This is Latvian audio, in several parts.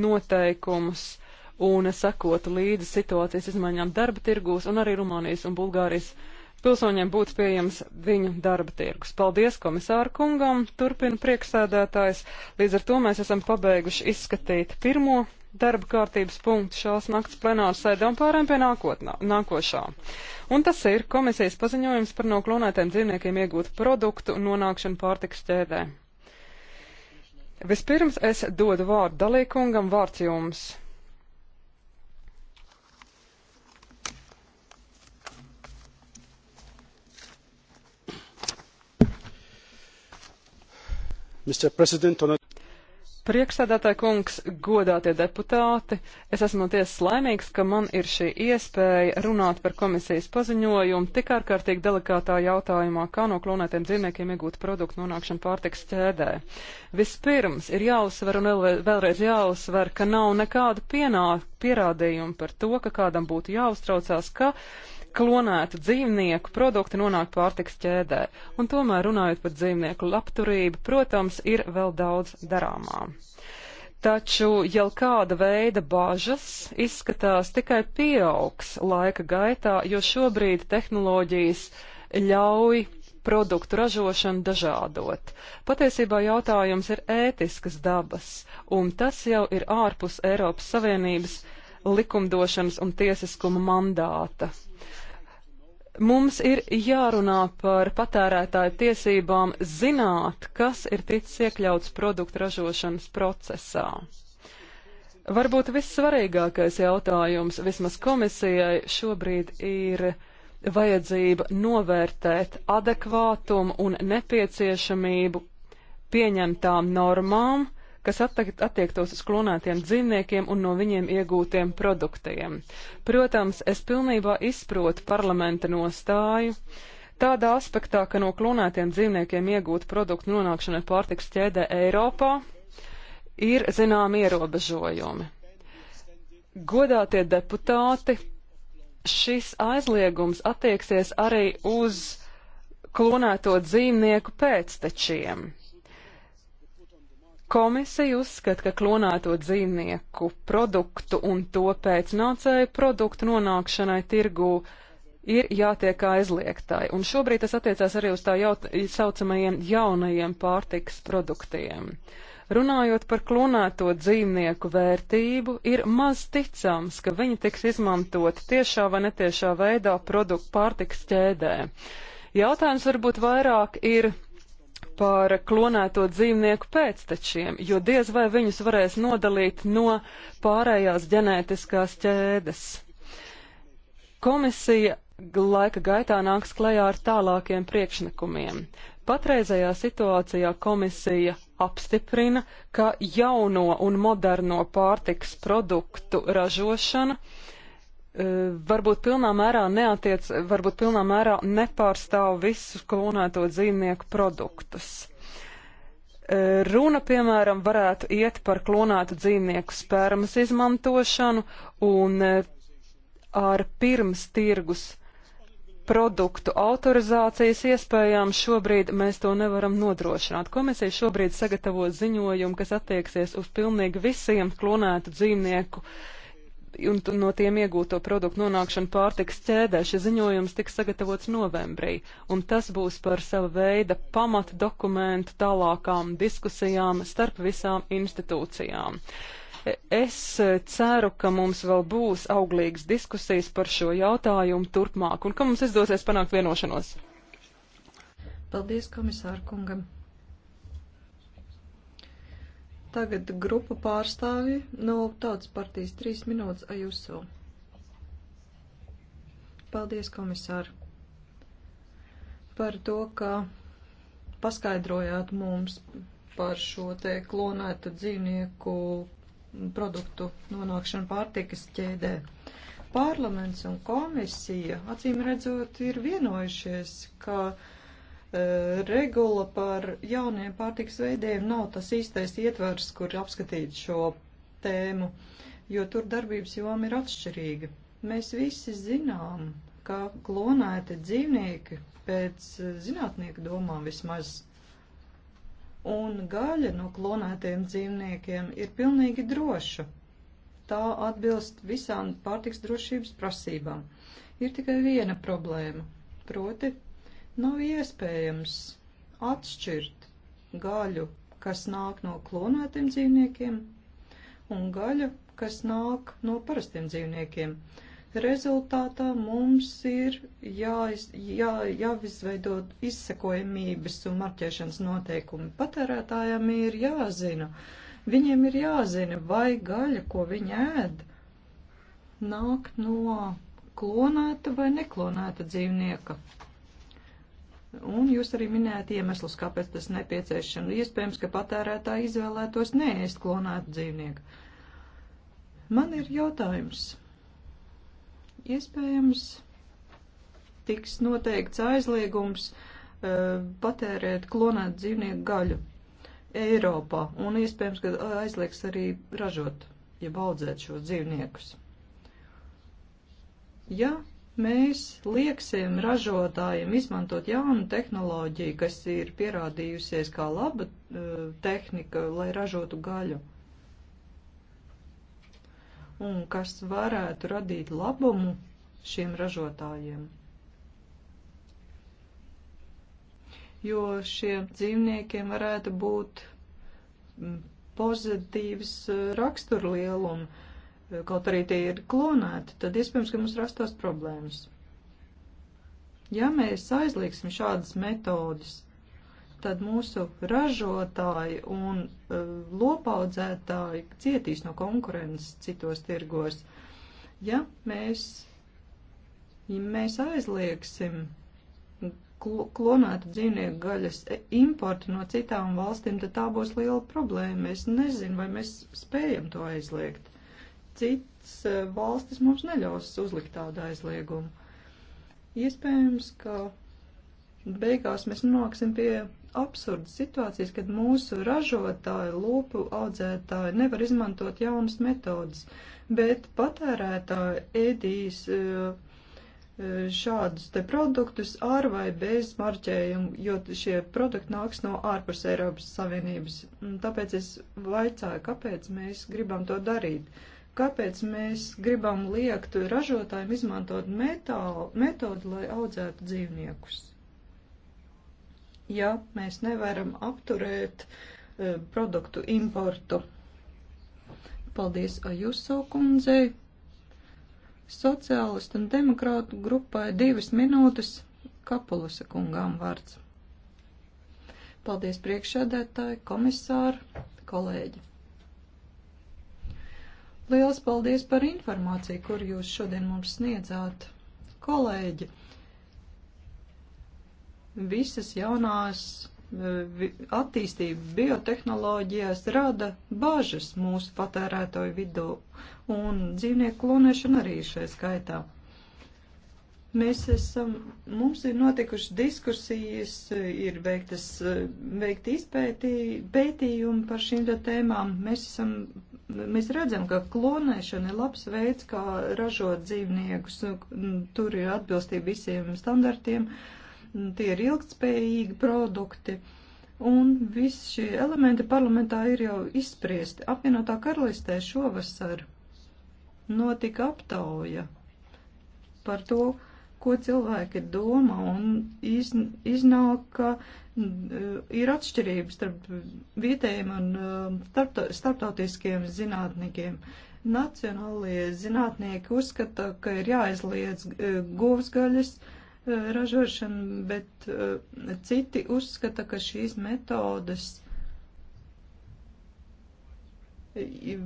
noteikumus un sekotu līdzi situācijas izmaiņām darba tirgūs, un arī Rumānijas un Bulgārijas pilsoņiem būtu pieejams viņu darba tirgus. Paldies komisāru kungam, turpina prieksēdētājs. Līdz ar to mēs esam pabeiguši izskatīt pirmo darba kārtības punktu šās naktas plenāru sēdē un pārējām pie nākotnā, nākošā. Un tas ir komisijas paziņojums par no klonētiem dzīvniekiem iegūtu produktu nonākšanu pārtiks ķēdē. Vispirms es dodu vārdu dalīkungam, vārds jums. Mr. President, on Priekšsēdētāji kungs, godātie deputāti, es esmu tiesas laimīgs, ka man ir šī iespēja runāt par komisijas paziņojumu tik ārkārtīgi delikātā jautājumā, kā no klonētiem dzīvniekiem iegūt produktu nonākšanu pārtiks ķēdē. Vispirms ir jāuzsver un vēlreiz jāuzsver, ka nav nekādu pienā, pierādījumu par to, ka kādam būtu jāuztraucās, ka klonētu dzīvnieku produkti nonāk pārtiks ķēdē. Un tomēr runājot par dzīvnieku labturību, protams, ir vēl daudz darāmā. Taču jau kāda veida bažas izskatās tikai pieaugs laika gaitā, jo šobrīd tehnoloģijas ļauj produktu ražošanu dažādot. Patiesībā jautājums ir ētiskas dabas, un tas jau ir ārpus Eiropas Savienības likumdošanas un tiesiskuma mandāta. Uh, Mums ir jārunā par patērētāju tiesībām zināt, kas ir ticis iekļauts produktu ražošanas procesā. Varbūt vissvarīgākais jautājums vismaz komisijai šobrīd ir vajadzība novērtēt adekvātumu un nepieciešamību pieņemtām normām, kas attiektos uz klonētiem dzīvniekiem un no viņiem iegūtiem produktiem. Protams, es pilnībā izprotu parlamenta nostāju. Tādā aspektā, ka no klonētiem dzīvniekiem iegūta produkta nonākšana pārtiks ķēdē Eiropā ir zinām ierobežojumi. Godātie deputāti, šis aizliegums attieksies arī uz klonēto dzīvnieku pēctečiem. Komisija uzskata, ka klonēto dzīvnieku produktu un to pēcnācēju produktu nonākšanai tirgū ir jātiek aizliegtai, un šobrīd tas attiecās arī uz tā jaut, saucamajiem jaunajiem pārtikas produktiem. Runājot par klonēto dzīvnieku vērtību, ir maz ticams, ka viņi tiks izmantot tiešā vai netiešā veidā produktu pārtikas ķēdē. Jautājums varbūt vairāk ir par klonēto dzīvnieku pēctečiem, jo diez vai viņus varēs nodalīt no pārējās ģenētiskās ķēdes. Komisija laika gaitā nāks klajā ar tālākiem priekšnikumiem. Patreizajā situācijā komisija apstiprina, ka jauno un moderno pārtiks produktu ražošana uh, E, varbūt pilnā mērā neatiec, varbūt pilnā mērā nepārstāv visus klonēto dzīvnieku produktus. E, runa, piemēram, varētu iet par klonētu dzīvnieku spērmas izmantošanu un e, ar pirms tirgus produktu autorizācijas iespējām šobrīd mēs to nevaram nodrošināt. Komisija šobrīd sagatavo ziņojumu, kas attieksies uz pilnīgi visiem klonētu dzīvnieku uh, un no tiem iegūto produktu nonākšanu pārtiks ķēdē. Šis ziņojums tiks sagatavots novembrī, un tas būs par sava veida pamata dokumentu tālākām diskusijām starp visām institūcijām. E, es e, ceru, ka mums vēl būs auglīgas diskusijas par šo jautājumu turpmāk, un ka mums izdosies panākt vienošanos. Paldies komisāru kungam! Tagad grupu pārstāvji no nu, Tautas partijas trīs minūtes Ajuso. Paldies, komisāri, par to, ka paskaidrojāt mums par šo te klonētu dzīvnieku produktu nonākšanu pārtikas ķēdē. Parlaments un komisija acīm redzot ir vienojušies, ka uh, Eh, regula par jauniem pārtiks veidiem nav tas īstais ietvers, kur apskatīt šo tēmu, jo tur darbības joma ir atšķirīga. Mēs visi zinām, ka klonēti dzīvnieki pēc eh, zinātnieku domām vismaz. Un gaļa no klonētiem dzīvniekiem ir pilnīgi droša. Tā atbilst visām pārtiks drošības prasībām. Ir tikai viena problēma, proti Nav iespējams atšķirt gaļu, kas nāk no klonētiem dzīvniekiem, un gaļu, kas nāk no parastiem dzīvniekiem. Rezultātā mums ir jāiz, jā, jāizveido izsekojamības un marķēšanas noteikumi. Patērētājiem ir jāzina, viņiem ir jāzina, vai gaļa, ko viņi ēd, nāk no klonēta vai neklonēta dzīvnieka. Un jūs arī minējāt iemeslus, kāpēc tas nepieciešams. Iespējams, ka patērētāji izvēlētos neēst klonētu dzīvnieku. Man ir jautājums. Iespējams, tiks noteikts aizliegums uh, patērēt klonētu dzīvnieku gaļu Eiropā, un iespējams, ka aizliegs arī ražot, ja baudzēt šos dzīvniekus. Ja mēs lieksim ražotājiem izmantot jaunu tehnoloģiju, kas ir pierādījusies kā laba uh, tehnika, lai ražotu gaļu. Un kas varētu radīt labumu šiem ražotājiem. Jo šiem dzīvniekiem varētu būt mm, pozitīvs uh, raksturlielums kaut arī tie ir klonēti, tad iespējams, ka mums rastās problēmas. Ja mēs aizliegsim šādas metodas, tad mūsu ražotāji un uh, lopaudzētāji cietīs no konkurences citos tirgos. Ja mēs, ja mēs aizliegsim klonētu dzīvnieku gaļas importu no citām valstīm, tad tā būs liela problēma. Es nezinu, vai mēs spējam to aizliegt cits e, valstis mums neļaus uzlikt tādu aizliegumu. Iespējams, ka beigās mēs nonāksim pie absurda situācijas, kad mūsu ražotāji, lūpu audzētāji nevar izmantot jaunas metodas, bet patērētāji ēdīs e, e, šādus te produktus ar vai bez marķējumu, jo šie produkti nāks no ārpus Eiropas Savienības. Tāpēc es vaicāju, kāpēc mēs gribam to darīt. Uh, Kāpēc mēs gribam liekt ražotājiem izmantot metālu, metodu, lai audzētu dzīvniekus? Ja mēs nevaram apturēt e, produktu importu. Paldies Ajuso kundzei. Sociālistu un demokrātu grupai divas minūtes Kapulusa kungām vārds. Paldies priekšsēdētāji, komisāri, kolēģi. Liels paldies par informāciju, kur jūs šodien mums sniedzāt, kolēģi. Visas jaunās eh, attīstība biotehnoloģijās rada bažas mūsu patērētoju vidū, un dzīvnieku klonēšana arī šai skaitā. Mēs esam, mums ir notikušas diskusijas, ir veiktas, veikti izpētī, pētījumi par šīm tēmām. Mēs, esam, mēs redzam, ka klonēšana ir labs veids, kā ražot dzīvniekus. Tur ir atbilstība visiem standartiem, tie ir ilgtspējīgi produkti. Un visi šie elementi parlamentā ir jau izspriesti. Apvienotā karalistē šovasar notika aptauja par to, ko cilvēki domā, un iz, iznāk, ka mm, ir atšķirības starp vietējiem un mm, starpt, starptautiskiem zinātniekiem. Nacionālie zinātnieki uzskata, ka ir jāizliedz e, govsgaļas e, ražošana, bet e, citi uzskata, ka šīs metodas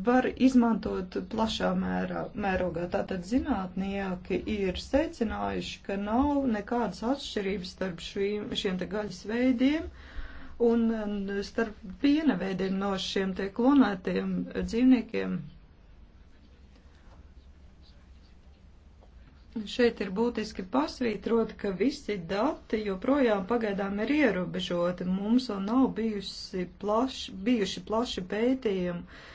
var izmantot plašā mērā, mērogā. Tātad zinātnieki ir secinājuši, ka nav nekādas atšķirības starp šīm, šiem te gaļas veidiem un starp piena veidiem no šiem te klonētiem dzīvniekiem. Šeit ir būtiski pasvītrot, ka visi dati joprojām pagaidām ir ierobežoti. Mums vēl nav bijusi plaši, bijuši plaši pētījumi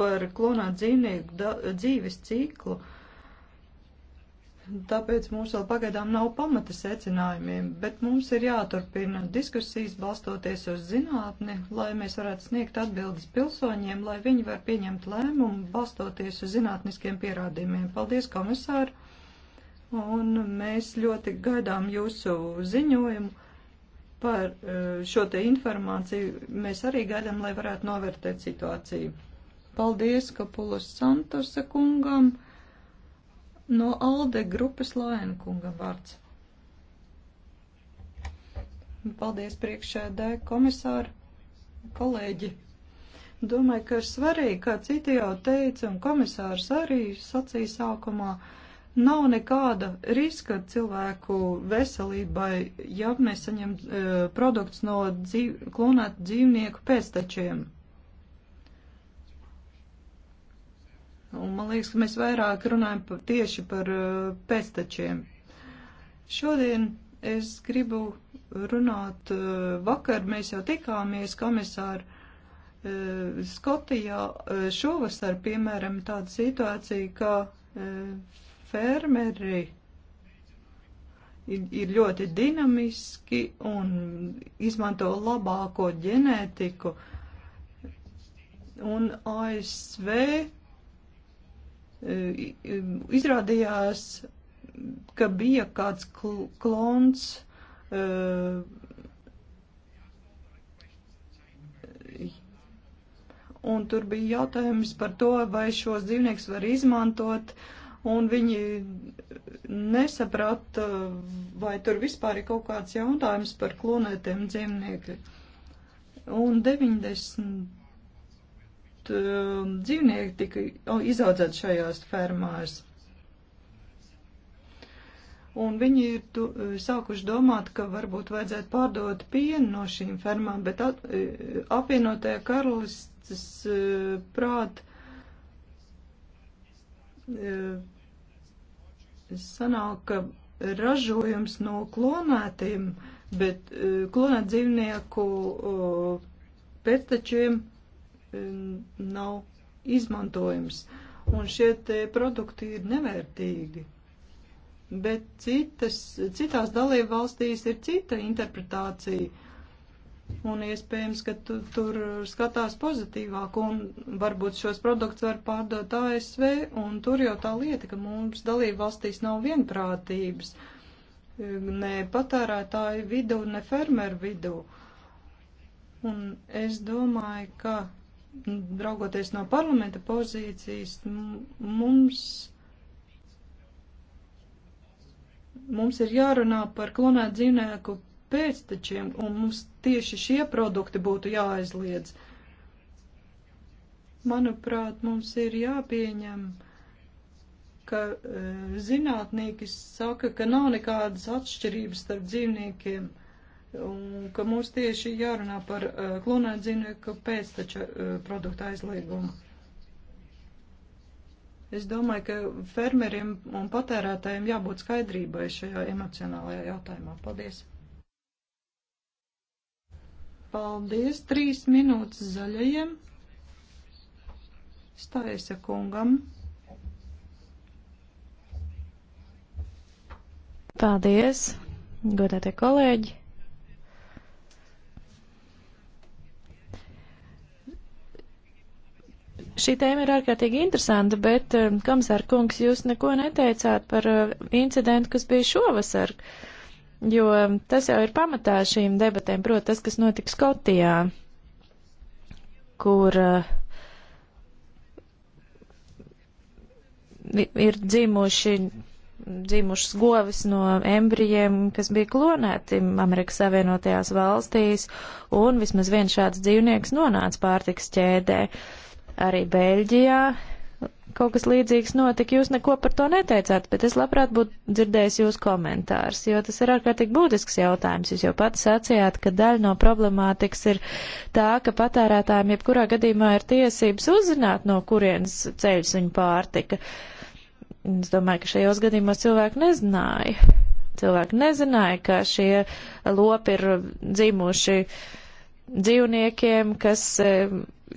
par klonāt dzīvnieku dzīves ciklu. Tāpēc mums vēl pagaidām nav pamata secinājumiem, bet mums ir jāturpina diskusijas balstoties uz zinātni, lai mēs varētu sniegt atbildes pilsoņiem, lai viņi var pieņemt lēmumu balstoties uz zinātniskiem pierādījumiem. Paldies, komisāri! Un mēs ļoti gaidām jūsu ziņojumu par eh, šo te informāciju mēs arī gaidām, lai varētu novērtēt situāciju. Paldies Kapulas Santosa kungam. No Alde grupas Laina kunga vārds. Paldies priekšēdē komisāru, kolēģi. Domāju, ka ir svarīgi, kā citi jau teica, un komisārs arī sacīja sākumā, nav nekāda riska cilvēku veselībai, ja mēs saņem e, produkts no dzīv, klonētu dzīvnieku pēstečiem. Un man liekas, ka mēs vairāk runājam par, tieši par uh, pēstačiem. Šodien es gribu runāt, uh, vakar mēs jau tikāmies komisāru uh, Skotijā. Šovasar, piemēram, tāda situācija, ka fermeri ir ļoti dinamiski un izmanto labāko ģenētiku. Un ASV izrādījās, ka bija kāds kl klons un tur bija jautājums par to, vai šos dzīvniekus var izmantot, un viņi nesaprata, vai tur vispār ir kaut kāds jautājums par klonētiem dzīvniekiem. Un 90 um, dzīvnieki tika izaudzēti šajās fermās. Un viņi ir tu, e, sākuši domāt, ka varbūt vajadzētu pārdot pienu no šīm fermām, bet at, e, apvienotajā karalistas uh, e, prāt uh, sanāk, ka ražojums no klonētiem, bet uh, klonēt dzīvnieku pēctečiem nav izmantojams. Un šie produkti ir nevērtīgi. Bet citas, citās dalību valstīs ir cita interpretācija. Un iespējams, ka tu, tur skatās pozitīvāk un varbūt šos produktus var pārdot ASV. Un tur jau tā lieta, ka mums dalību valstīs nav vienprātības ne patērētāju vidū, ne fermeru vidū. Un es domāju, ka raugoties no parlamenta pozīcijas, mums, mums ir jārunā par klonēt dzīvnieku pēctečiem, un mums tieši šie produkti būtu jāaizliedz. Manuprāt, mums ir jāpieņem, ka e, zinātnieki saka, ka nav nekādas atšķirības starp dzīvniekiem. E, un ka mums tieši jārunā par uh, eh, klonēt dzīvnieku pēc taču uh, eh, produktu aizliegumu. Es domāju, ka fermeriem un patērētājiem jābūt skaidrībai šajā emocionālajā jautājumā. Paldies! Paldies! Trīs minūtes zaļajiem. Stājies kungam. Paldies, godātie kolēģi! Šī tēma ir ārkārtīgi interesanta, bet, eh, komisār kungs, jūs neko neteicāt par eh, incidentu, kas bija šovasar, jo eh, tas jau ir pamatā šīm debatēm, proti tas, kas notika Skotijā, kur ir dzimuši dzimušas govis no embrijiem, kas bija klonēti Amerikas Savienotajās valstīs, un vismaz viens šāds dzīvnieks nonāca pārtiks ķēdē. Uh, Arī Beļģijā kaut kas līdzīgs notika, jūs neko par to neteicāt, bet es labprāt būtu dzirdējis jūs komentārs, jo tas ir ārkārtīgi būtisks jautājums. Jūs jau pats sacījāt, ka daļa no problemātikas ir tā, ka patērētājiem jebkurā gadījumā ir tiesības uzzināt, no kurienes ceļus viņa pārtika. Es domāju, ka šajos gadījumos cilvēki nezināja. Cilvēki nezināja, ka šie lopi ir dzimuši uh, dzīvniekiem, kas eh,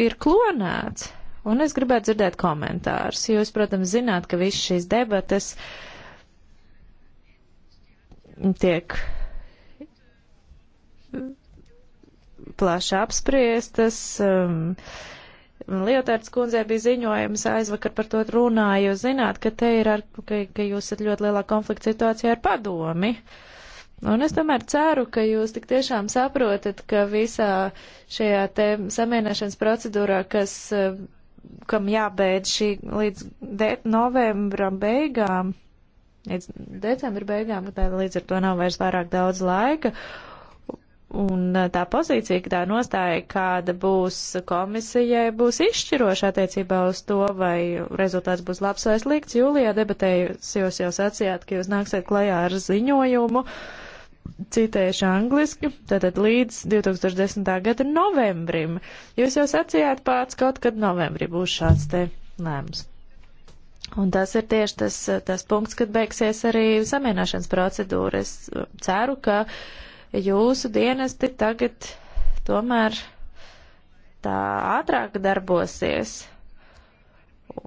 ir klonēts. Un es gribētu dzirdēt komentārus. Jūs, protams, zināt, ka visas šīs debates tiek plaši apspriestas. Um, Lietārds kundzē bija ziņojums aizvakar par to runāju. Jūs zināt, ka te ir, ar, ka, ka jūs esat ļoti lielā konflikta situācijā ar padomi. Uh, Un es tomēr ceru, ka jūs tik tiešām saprotat, ka visā šajā te samienāšanas procedūrā, kas, eh, kam jābeidz šī līdz de novembra beigām, līdz decembra beigām, tad līdz ar to nav vairs vairāk daudz laika. Un eh, tā pozīcija, ka tā nostāja, kāda būs komisijai, būs izšķiroša attiecībā uz to, vai rezultāts būs labs vai slikts. Jūlijā debatējos jūs jau sacījāt, ka jūs nāksiet klajā ar ziņojumu. Uh, citējuši angliski, tātad līdz 2010. gada novembrim. Jūs jau sacījāt pats, kaut kad novembrī būs šāds te lēmums. Un tas ir tieši tas, tas punkts, kad beigsies arī samienāšanas procedūra. Es ceru, ka jūsu dienesti tagad tomēr tā ātrāk darbosies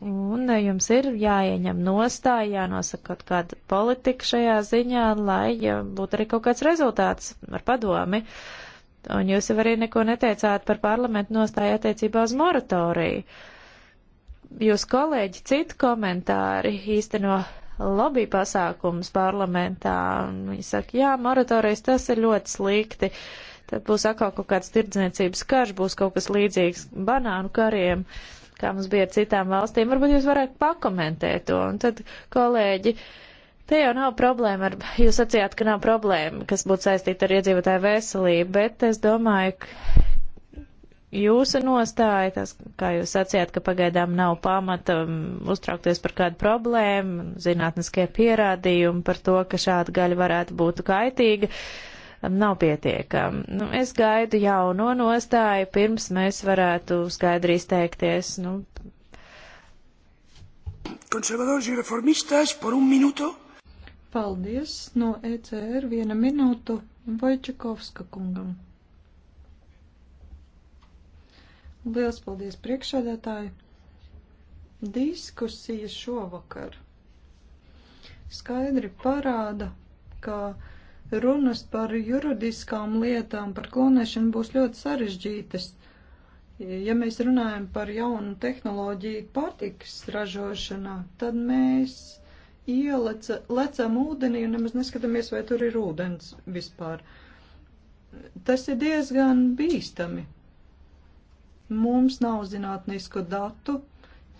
Un eh, jums ir jāieņem nostāja, jānosaka kaut kāda politika šajā ziņā, lai būtu arī kaut kāds rezultāts ar padomi. Un jūs jau arī neko neteicāt par parlamentu nostāju attiecībā uz moratoriju. Jūs kolēģi citu komentāri īsteno lobby pasākums parlamentā, un viņi saka, jā, moratorijas tas ir ļoti slikti. Tad būs atkal kaut kāds tirdzniecības karš, būs kaut kas līdzīgs banānu kariem. Uh, kā mums bija ar citām valstīm. Varbūt jūs varētu pakomentēt to. Un tad, kolēģi, te jau nav problēma ar, jūs sacījāt, ka nav problēma, kas būtu saistīta ar iedzīvotāju veselību, bet es domāju, ka jūsu nostāja, tas, kā jūs sacījāt, ka pagaidām nav pamata um, uztraukties par kādu problēmu, zinātniskie pierādījumi par to, ka šāda gaļa varētu būt kaitīga. Uh, nav pietiekama. Nu, es gaidu jauno nostāju, pirms mēs varētu skaidri izteikties. Nu. Konservadors un reformistas par un minūtu. Paldies no ECR viena minūtu Vojčakovska kungam. Liels paldies priekšādētāji! Diskusija šovakar skaidri parāda, ka runas par juridiskām lietām, par klonēšanu būs ļoti sarežģītas. Ja mēs runājam par jaunu tehnoloģiju pārtikas ražošanā, tad mēs ielecam ūdenī un nemaz neskatāmies, vai tur ir ūdens vispār. Tas ir diezgan bīstami. Mums nav zinātnisko datu,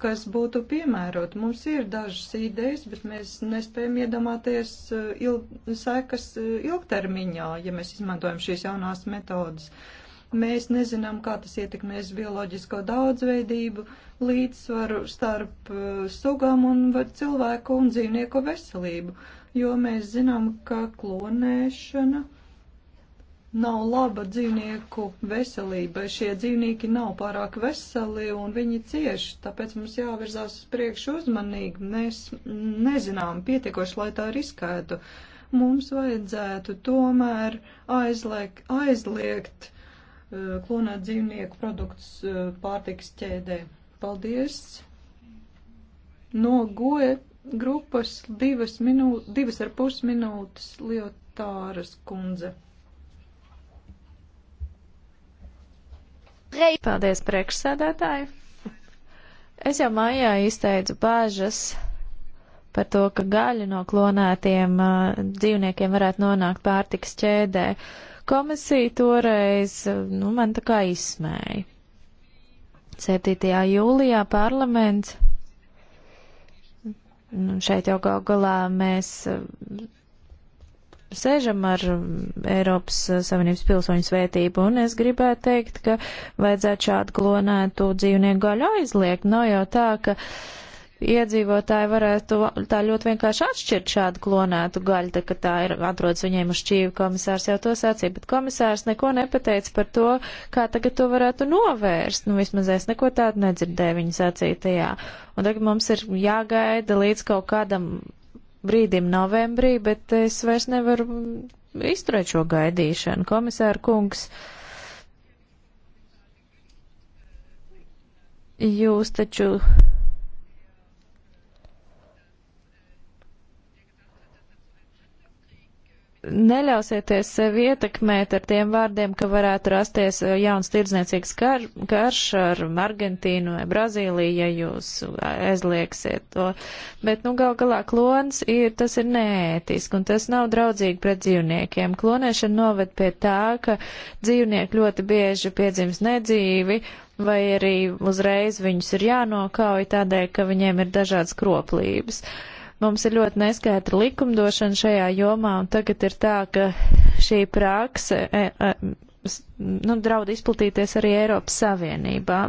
kas būtu piemērot. Mums ir dažas idejas, bet mēs nespējam iedomāties eh, il sekas eh, ilgtermiņā, ja mēs izmantojam šīs jaunās metodas. Mēs nezinām, kā tas ietekmēs bioloģisko daudzveidību, līdzsvaru starp eh, sugām un cilvēku un dzīvnieku veselību, jo mēs zinām, ka klonēšana nav laba dzīvnieku veselībai. Šie dzīvnieki nav pārāk veseli un viņi cieši, tāpēc mums jāvirzās uz priekšu uzmanīgi. Mēs nezinām pietiekoši, lai tā riskētu. Mums vajadzētu tomēr aizliegt, aizliegt uh, klonēt dzīvnieku produktus uh, pārtikas ķēdē. Paldies! No goja grupas divas, minū, divas ar pus minūtes Liotāras kundze. Rei. Paldies, priekšsēdētāji. Es jau mājā izteicu bāžas par to, ka gaļa no klonētiem uh, dzīvniekiem varētu nonākt pārtiks ķēdē. Komisija toreiz, uh, nu, man tā kā izsmēja. 7. jūlijā parlaments, nu, šeit jau gal galā mēs uh, sēžam ar um, Eiropas uh, Savienības pilsoņu svētību, un es gribētu teikt, ka vajadzētu šādu klonētu dzīvnieku gaļu aizliegt. Nav jau tā, ka iedzīvotāji varētu tā ļoti vienkārši atšķirt šādu klonētu gaļu, tā ka tā ir atrodas viņiem uz šķīvi, komisārs jau to sacīja, bet komisārs neko nepateica par to, kā tagad to varētu novērst. Nu, vismaz es neko tādu nedzirdēju viņa sacītajā. Un tagad mums ir jāgaida līdz kaut kādam brīdim novembrī, bet es vairs nevaru izturēt šo gaidīšanu. Komisāra kungs, jūs taču neļausieties sevi ietekmēt ar tiem vārdiem, ka varētu rasties uh, jauns tirdzniecīgs kar, karš ar Argentīnu vai Brazīliju, ja jūs aizlieksiet to. Bet, nu, gal galā klons ir, tas ir neētiski un tas nav draudzīgi pret dzīvniekiem. Klonēšana noved pie tā, ka dzīvnieki ļoti bieži piedzims nedzīvi vai arī uzreiz viņus ir jānokauj tādēļ, ka viņiem ir dažādas kroplības. Uh, Mums ir ļoti neskaidra likumdošana šajā jomā, un tagad ir tā, ka šī prakse e, e, nu, draud izplatīties arī Eiropas Savienībā.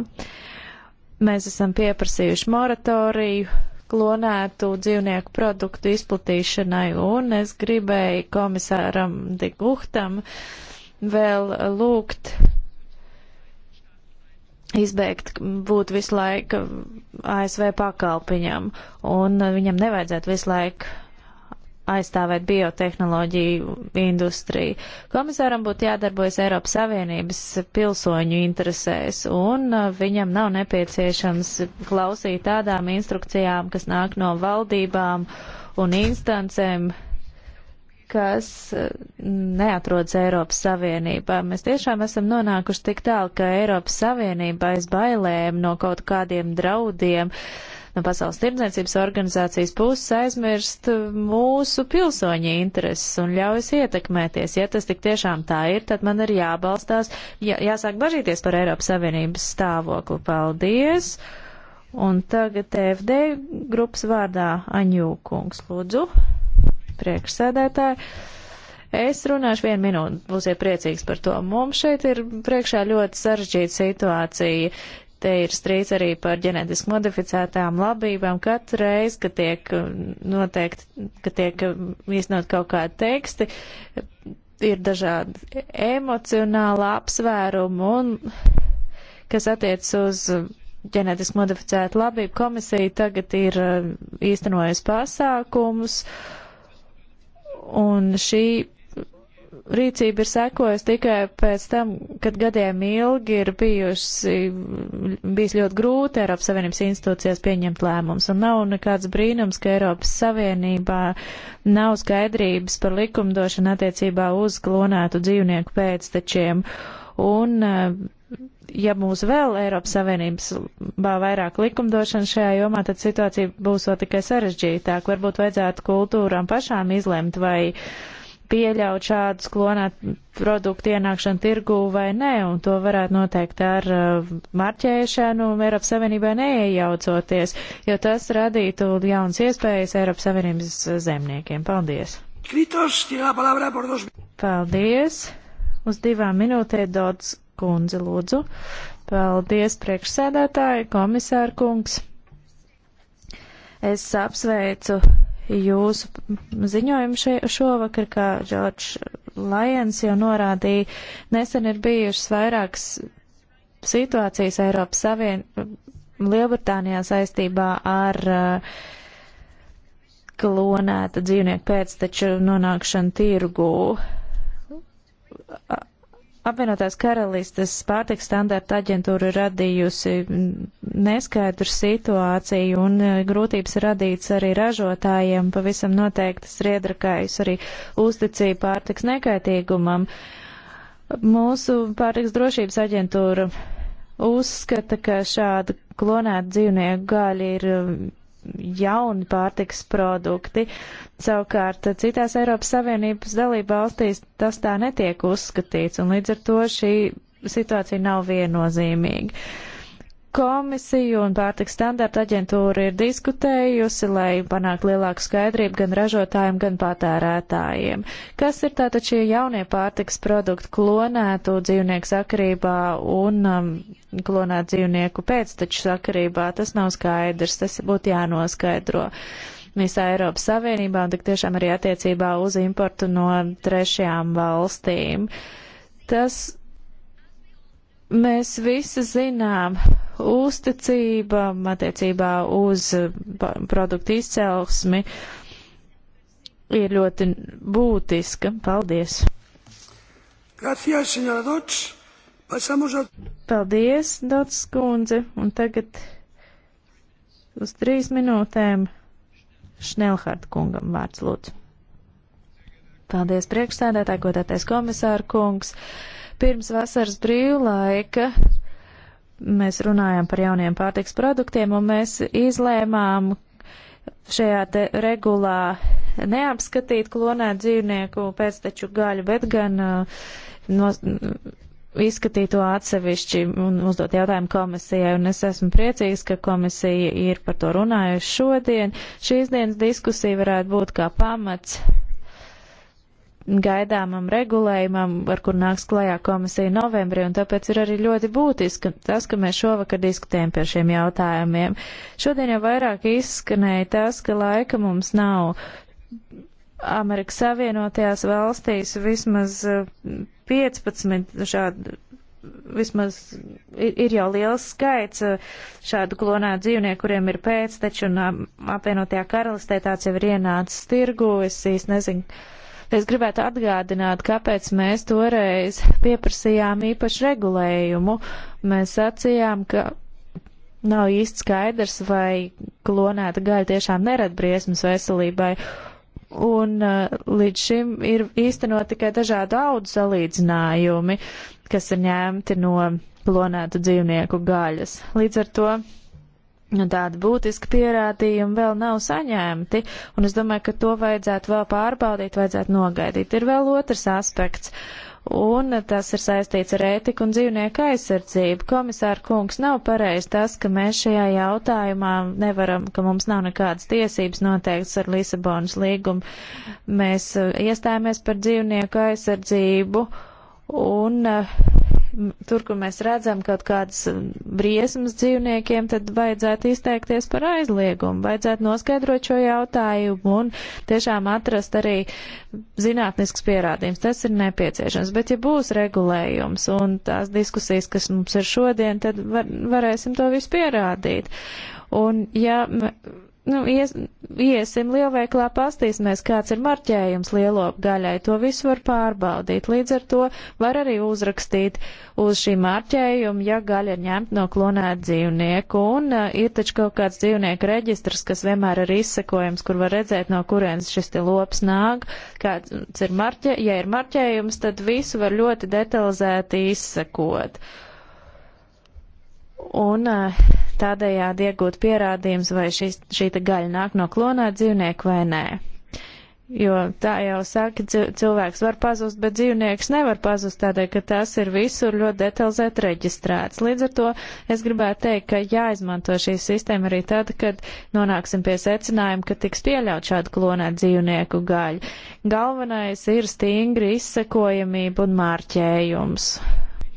Mēs esam pieprasījuši moratoriju klonētu dzīvnieku produktu izplatīšanai, un es gribēju komisāram Digūhtam vēl lūgt izbēgt būt visu laiku ASV pakalpiņam, un viņam nevajadzētu visu laiku aizstāvēt biotehnoloģiju industriju. Komisāram būtu jādarbojas Eiropas Savienības pilsoņu interesēs, un viņam nav nepieciešams klausīt tādām instrukcijām, kas nāk no valdībām un instancēm, kas eh, neatrodas Eiropas Savienībā. Mēs tiešām esam nonākuši tik tālu, ka Eiropas Savienībā aiz bailēm no kaut kādiem draudiem no Pasaules tirdzniecības organizācijas puses aizmirst eh, mūsu pilsoņu intereses un ļaujas ietekmēties. Ja tas tik tiešām tā ir, tad man ir jābalstās, jā, jāsāk bažīties par Eiropas Savienības stāvokli. Paldies! Un tagad TFD grupas vārdā Aņūkungs, lūdzu priekšsēdētāji. Es runāšu vienu minūti, būsiet priecīgs par to. Mums šeit ir priekšā ļoti sarežģīta situācija. Te ir strīds arī par ģenetiski modificētām labībām. Katru reizi, kad tiek uh, noteikti, kad tiek iznot uh, kaut kādi teksti, ir dažādi emocionāli apsvērumi un kas attiec uz uh, ģenetiski modificētu labību komisiju tagad ir īstenojusi pasākumus Un šī rīcība ir sekojusi tikai pēc tam, kad gadiem ilgi ir bijusi, bijis ļoti grūti Eiropas Savienības institūcijās pieņemt lēmums. Un nav nekāds brīnums, ka Eiropas Savienībā nav skaidrības par likumdošanu attiecībā uz klonētu dzīvnieku pēctečiem. Un ja būs vēl Eiropas Savienības vairāk likumdošana šajā jomā, tad situācija būs vēl tikai sarežģītāk. Varbūt vajadzētu kultūrām pašām izlemt, vai pieļaut šādus klonāt produktu ienākšanu tirgū vai nē, un to varētu noteikt ar uh, marķēšanu Eiropas Savienībā neiejaucoties, jo tas radītu jaunas iespējas Eiropas Savienības zemniekiem. Paldies! Kritos, Paldies! Uz divām minūtēm dodas kundze, lūdzu. Paldies, priekšsēdētāji, komisāra kungs. Es apsveicu jūsu ziņojumu še, šovakar, kā Džordžs Lajens jau norādīja. Nesen ir bijušas vairākas situācijas Eiropas Savien... Lielbritānijā saistībā ar uh, klonēta dzīvnieku pēcteču nonākšanu tirgū Apvienotās karalistes pārtiks standarta aģentūra radījusi neskaidru situāciju un eh, grūtības radīts arī ražotājiem pavisam noteikti sriedrakājus arī uzticību pārtiks nekaitīgumam. Mūsu pārtiks drošības aģentūra uzskata, ka šāda klonēta dzīvnieku gaļa ir jauni pārtiks produkti. Savukārt citās Eiropas Savienības dalība valstīs tas tā netiek uzskatīts, un līdz ar to šī situācija nav viennozīmīga. Komisija un pārtiks standarta aģentūra ir diskutējusi, lai panāktu lielāku skaidrību gan ražotājiem, gan patērētājiem. Kas ir tātad šie jaunie pārtiks produkti klonētu dzīvnieku sakarībā un um, klonētu dzīvnieku pēcteču sakarībā? Tas nav skaidrs, tas būtu jānoskaidro visā Eiropas Savienībā un tik tiešām arī attiecībā uz importu no trešajām valstīm. Tas mēs visi zinām, uzticība attiecībā uz produktu izcelsmi ir ļoti būtiska. Paldies! Gracias, Dots. A... Paldies, Dots kundze, un tagad uz trīs minūtēm Šnelhārta kungam vārds lūdzu. Paldies, priekšstādātāji, godātais komisāra kungs. Pirms vasaras brīvlaika mēs runājam par jauniem pārtiks produktiem, un mēs izlēmām šajā te regulā neapskatīt klonēt dzīvnieku pēcteču gaļu, bet gan uh, no, izskatīt to atsevišķi un uzdot jautājumu komisijai, un es esmu priecīgs, ka komisija ir par to runājusi šodien. Šīs dienas diskusija varētu būt kā pamats gaidāmam regulējumam, ar kur nāks klajā komisija novembrī, un tāpēc ir arī ļoti būtiski tas, ka mēs šovakar diskutējam par šiem jautājumiem. Šodien jau vairāk izskanēja tas, ka laika mums nav. Amerikas Savienotajās valstīs vismaz 15 eh, šādu vismaz ir, ir jau liels skaits eh, šādu klonētu dzīvnieku, kuriem ir pēcteči, un um, apvienotajā karalistē tāds jau ir ienācis tirgu. Es īsti nezinu, Es gribētu atgādināt, kāpēc mēs toreiz pieprasījām īpašu regulējumu. Mēs sacījām, ka nav īsti skaidrs, vai klonēta gaļa tiešām nerada briesmas veselībai. Un uh, līdz šim ir īstenot tikai dažādu audu salīdzinājumi, kas ir ņemti no klonētu dzīvnieku gaļas. Līdz ar to Nu, tādi būtiski pierādījumi vēl nav saņemti, un es domāju, ka to vajadzētu vēl pārbaudīt, vajadzētu nogaidīt. Ir vēl otrs aspekts, un tas ir saistīts ar ētiku un dzīvnieku aizsardzību. Komisāra kungs nav pareizi tas, ka mēs šajā jautājumā nevaram, ka mums nav nekādas tiesības noteikts ar Lisabonas līgumu. Mēs uh, iestājāmies par dzīvnieku aizsardzību, un uh, tur, kur mēs redzam kaut kādas briesmas dzīvniekiem, tad vajadzētu izteikties par aizliegumu, vajadzētu noskaidrot šo jautājumu un tiešām atrast arī zinātnisks pierādījums. Tas ir nepieciešams, bet ja būs regulējums un tās diskusijas, kas mums ir šodien, tad var, varēsim to visu pierādīt. Un ja nu, ies, iesim lielveiklā, pastīsimies, kāds ir marķējums lielopu gaļai. To visu var pārbaudīt. Līdz ar to var arī uzrakstīt uz šī marķējuma, ja gaļa ir ņemta no klonēta dzīvnieku. Un uh, ir taču kaut kāds dzīvnieku reģistrs, kas vienmēr ir izsekojams, kur var redzēt, no kurienes šis te lops nāk. Kāds ir marķē, ja ir marķējums, tad visu var ļoti detalizēti izsekot. Uh, un tādējādi iegūt pierādījums, vai šis, šī gaļa nāk no klonēta dzīvnieka vai nē. Jo tā jau saka, cilvēks var pazust, bet dzīvnieks nevar pazust tādēļ, ka tas ir visur ļoti detalizēti reģistrēts. Līdz ar to es gribētu teikt, ka jāizmanto šī sistēma arī tad, kad nonāksim pie secinājuma, ka tiks pieļaut šādu klonēt dzīvnieku gaļu. Galvenais ir stingri izsekojamība un mārķējums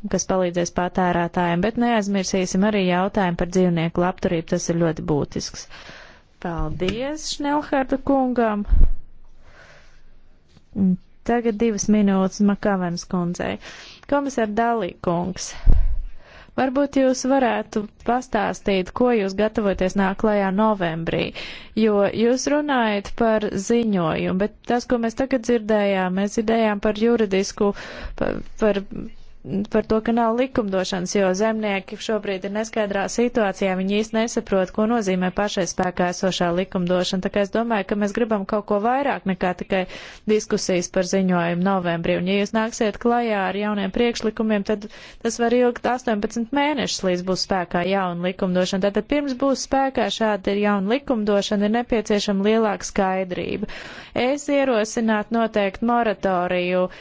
kas palīdzēs patērētājiem, bet neaizmirsīsim arī jautājumu par dzīvnieku labturību, tas ir ļoti būtisks. Paldies Šnelharda kungam. Tagad divas minūtes Makavens kundzei. Komisār Dalī kungs, Varbūt jūs varētu pastāstīt, ko jūs gatavoties nākamajā novembrī, jo jūs runājat par ziņojumu, bet tas, ko mēs tagad dzirdējām, mēs dzirdējām par juridisku, par, par par to, ka nav likumdošanas, jo zemnieki šobrīd ir neskaidrā situācijā, viņi īsti nesaprot, ko nozīmē pašai spēkā esošā likumdošana. Tā kā es domāju, ka mēs gribam kaut ko vairāk nekā tikai diskusijas par ziņojumu novembrī. Un ja jūs nāksiet klajā ar jauniem priekšlikumiem, tad tas var ilgt 18 mēnešus, līdz būs spēkā jauna likumdošana. Tātad pirms būs spēkā šāda ir jauna likumdošana, ir nepieciešama lielāka skaidrība. Es ierosinātu noteikti moratoriju. Uh,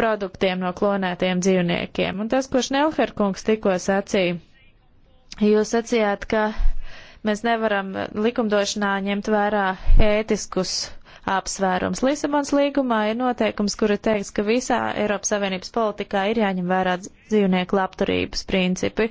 produktiem no klonētiem dzīvniekiem. Un tas, ko Šnelherkungs tikko sacīja, jūs sacījāt, ka mēs nevaram likumdošanā ņemt vērā ētiskus apsvērums. Lisabons līgumā ir noteikums, kura teiks, ka visā Eiropas Savienības politikā ir jāņem vērā dzīvnieku labturības principi.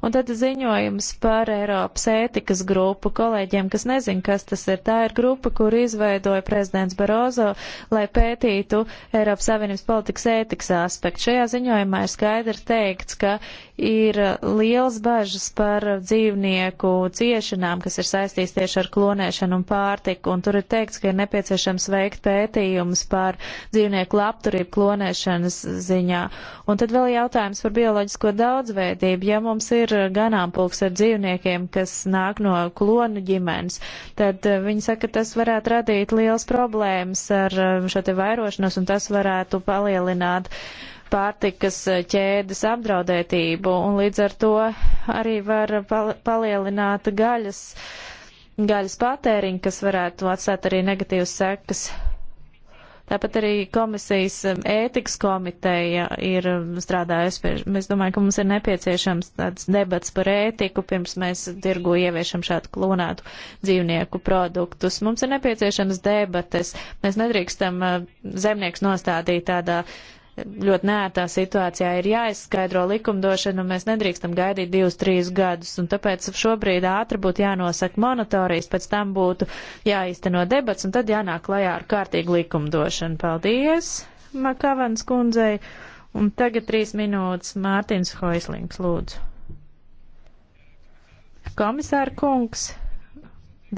Un tad ziņojums par Eiropas ētikas grupu kolēģiem, kas nezin, kas tas ir. Tā ir grupa, kur izveidoja prezidents Barozo, lai pētītu Eiropas Savienības politikas ētikas aspektu. Šajā ziņojumā ir skaidrs teikts, ka ir liels bažas par dzīvnieku ciešanām, kas ir saistīts tieši ar klonēšanu un pārtiku, un tur ir teikts, ka ir nepieciešams veikt pētījumus par dzīvnieku labturību klonēšanas ziņā. Un tad vēl jautājums jautājums par bioloģisko daudzveidību. Ja mums ir eh, ganāmpulks ar dzīvniekiem, kas nāk no klonu ģimenes, tad eh, viņi saka, ka tas varētu radīt liels problēmas ar eh, šo te vairošanos un tas varētu palielināt pārtikas ķēdes apdraudētību un līdz ar to arī var pal palielināt gaļas, gaļas patēriņu, kas varētu atstāt arī negatīvas sekas Tāpat arī komisijas um, ētikas komiteja ir um, strādājusi pie, mēs domājam, ka mums ir nepieciešams tāds debats par ētiku, pirms mēs tirgu ieviešam šādu klonētu dzīvnieku produktus. Mums ir nepieciešams debates. Mēs nedrīkstam uh, zemnieks nostādīt tādā uh, ļoti nērtā situācijā ir jāizskaidro likumdošana, un mēs nedrīkstam gaidīt divus, trīs gadus, un tāpēc šobrīd ātri būtu jānosaka monitorijas, pēc tam būtu jāizteno debats, un tad jānāk klajā ar kārtīgu likumdošanu. Paldies, Makavans kundzei, un tagad trīs minūtes Mārtiņš Hoislings, lūdzu. Komisāra kungs,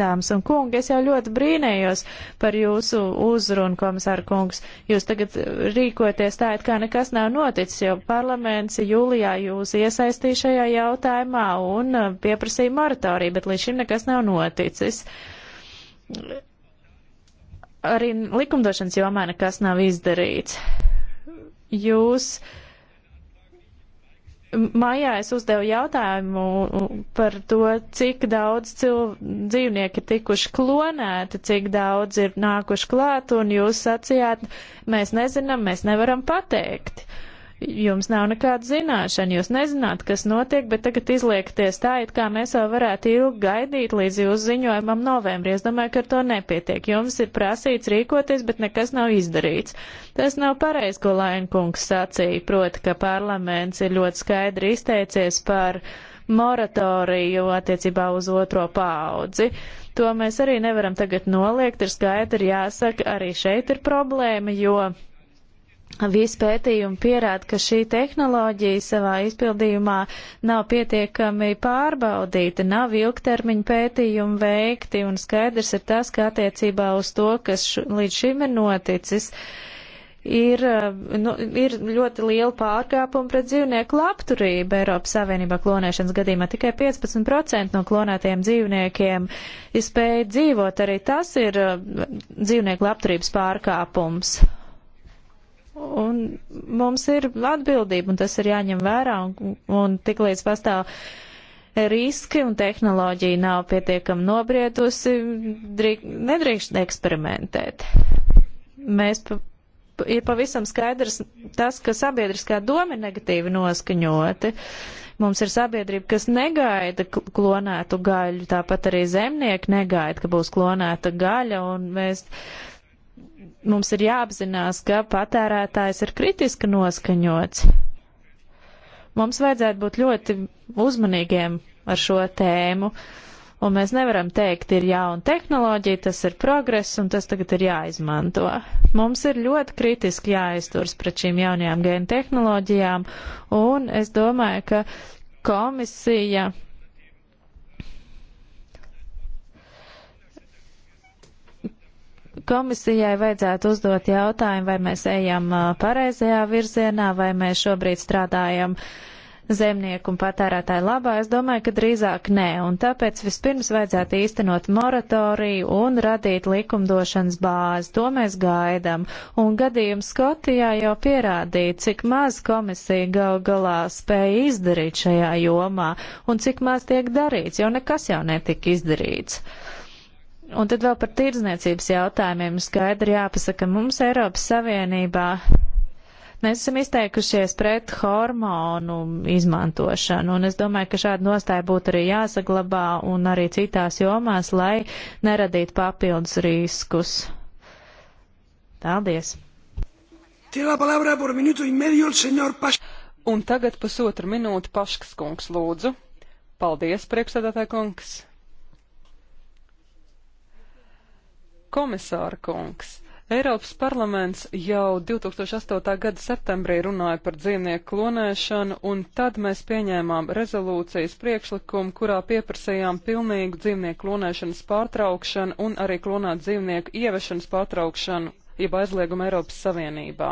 Dāmas un kungi, es jau ļoti brīnējos par jūsu uzrunu, komisāra kungs. Jūs tagad rīkoties tā, it kā nekas nav noticis, jo parlaments jūlijā jūs iesaistīja šajā jautājumā un uh, pieprasīja moratoriju, bet līdz šim nekas nav noticis. Arī likumdošanas jomā nekas nav izdarīts. Jūs uh, Maijā es uzdevu jautājumu par to, cik daudz dzīvnieki ir tikuši klonēti, cik daudz ir nākuši klāt, un jūs sacījāt, mēs nezinām, mēs nevaram pateikt. Uh, Jums nav nekāda zināšana, jūs nezināt, kas notiek, bet tagad izliekties tā, it kā mēs vēl varētu ilgi gaidīt līdz jūsu ziņojumam novembrī. Es domāju, ka ar to nepietiek. Jums ir prasīts rīkoties, bet nekas nav izdarīts. Tas nav pareizi, ko Lainkungs sacīja, proti, ka parlaments ir ļoti skaidri izteicies par moratoriju attiecībā uz otro paudzi. To mēs arī nevaram tagad noliegt, ir skaidri jāsaka, arī šeit ir problēma, jo Visi pētījumi pierāda, ka šī tehnoloģija savā izpildījumā nav pietiekami pārbaudīta, nav ilgtermiņa pētījumi veikti, un skaidrs ir tas, ka attiecībā uz to, kas š, līdz šim ir noticis, ir, eh, nu, ir ļoti liela pārkāpuma pret dzīvnieku labturību Eiropas Savienībā klonēšanas gadījumā. Tikai 15% no klonētiem dzīvniekiem ir spēja dzīvot, arī tas ir eh, dzīvnieku labturības pārkāpums Un mums ir atbildība, un tas ir jāņem vērā, un, un tik līdz pastāv riski un tehnoloģija nav pietiekami nobriedusi, drīk, nedrīkst eksperimentēt. Mēs pa, ir pavisam skaidrs tas, ka sabiedriskā doma ir negatīvi noskaņoti. Mums ir sabiedrība, kas negaida klonētu gaļu, tāpat arī zemnieki negaida, ka būs klonēta gaļa, un mēs. Uh, mums ir jāapzinās, ka patērētājs ir kritiski noskaņots. Mums vajadzētu būt ļoti uzmanīgiem ar šo tēmu, un mēs nevaram teikt, ir jauna tehnoloģija, tas ir progress, un tas tagad ir jāizmanto. Mums ir ļoti kritiski jāizturs pret šīm jaunajām gēnu tehnoloģijām, un es domāju, ka komisija Komisijai vajadzētu uzdot jautājumu, vai mēs ejam pareizajā virzienā, vai mēs šobrīd strādājam zemnieku un patērētāju labā. Es domāju, ka drīzāk nē, un tāpēc vispirms vajadzētu īstenot moratoriju un radīt likumdošanas bāzi. To mēs gaidām. Un gadījums Skotijā jau pierādīja, cik maz komisija gal galā spēja izdarīt šajā jomā, un cik maz tiek darīts, jo nekas jau netika izdarīts. Uh, Un tad vēl par tirdzniecības jautājumiem skaidri jāpasaka, mums Eiropas Savienībā mēs esam izteikušies pret hormonu izmantošanu, un es domāju, ka šāda nostāja būtu arī jāsaglabā un arī citās jomās, lai neradītu papildus riskus. Paldies! Un tagad pusotru minūti Paškas kungs lūdzu. Paldies, priekšsēdētāj kungs! Komisāra kungs, Eiropas parlaments jau 2008. gada septembrī runāja par dzīvnieku klonēšanu, un tad mēs pieņēmām rezolūcijas priekšlikumu, kurā pieprasījām pilnīgu dzīvnieku klonēšanas pārtraukšanu un arī klonēt dzīvnieku ievešanas pārtraukšanu, jeb aizliegumu Eiropas Savienībā.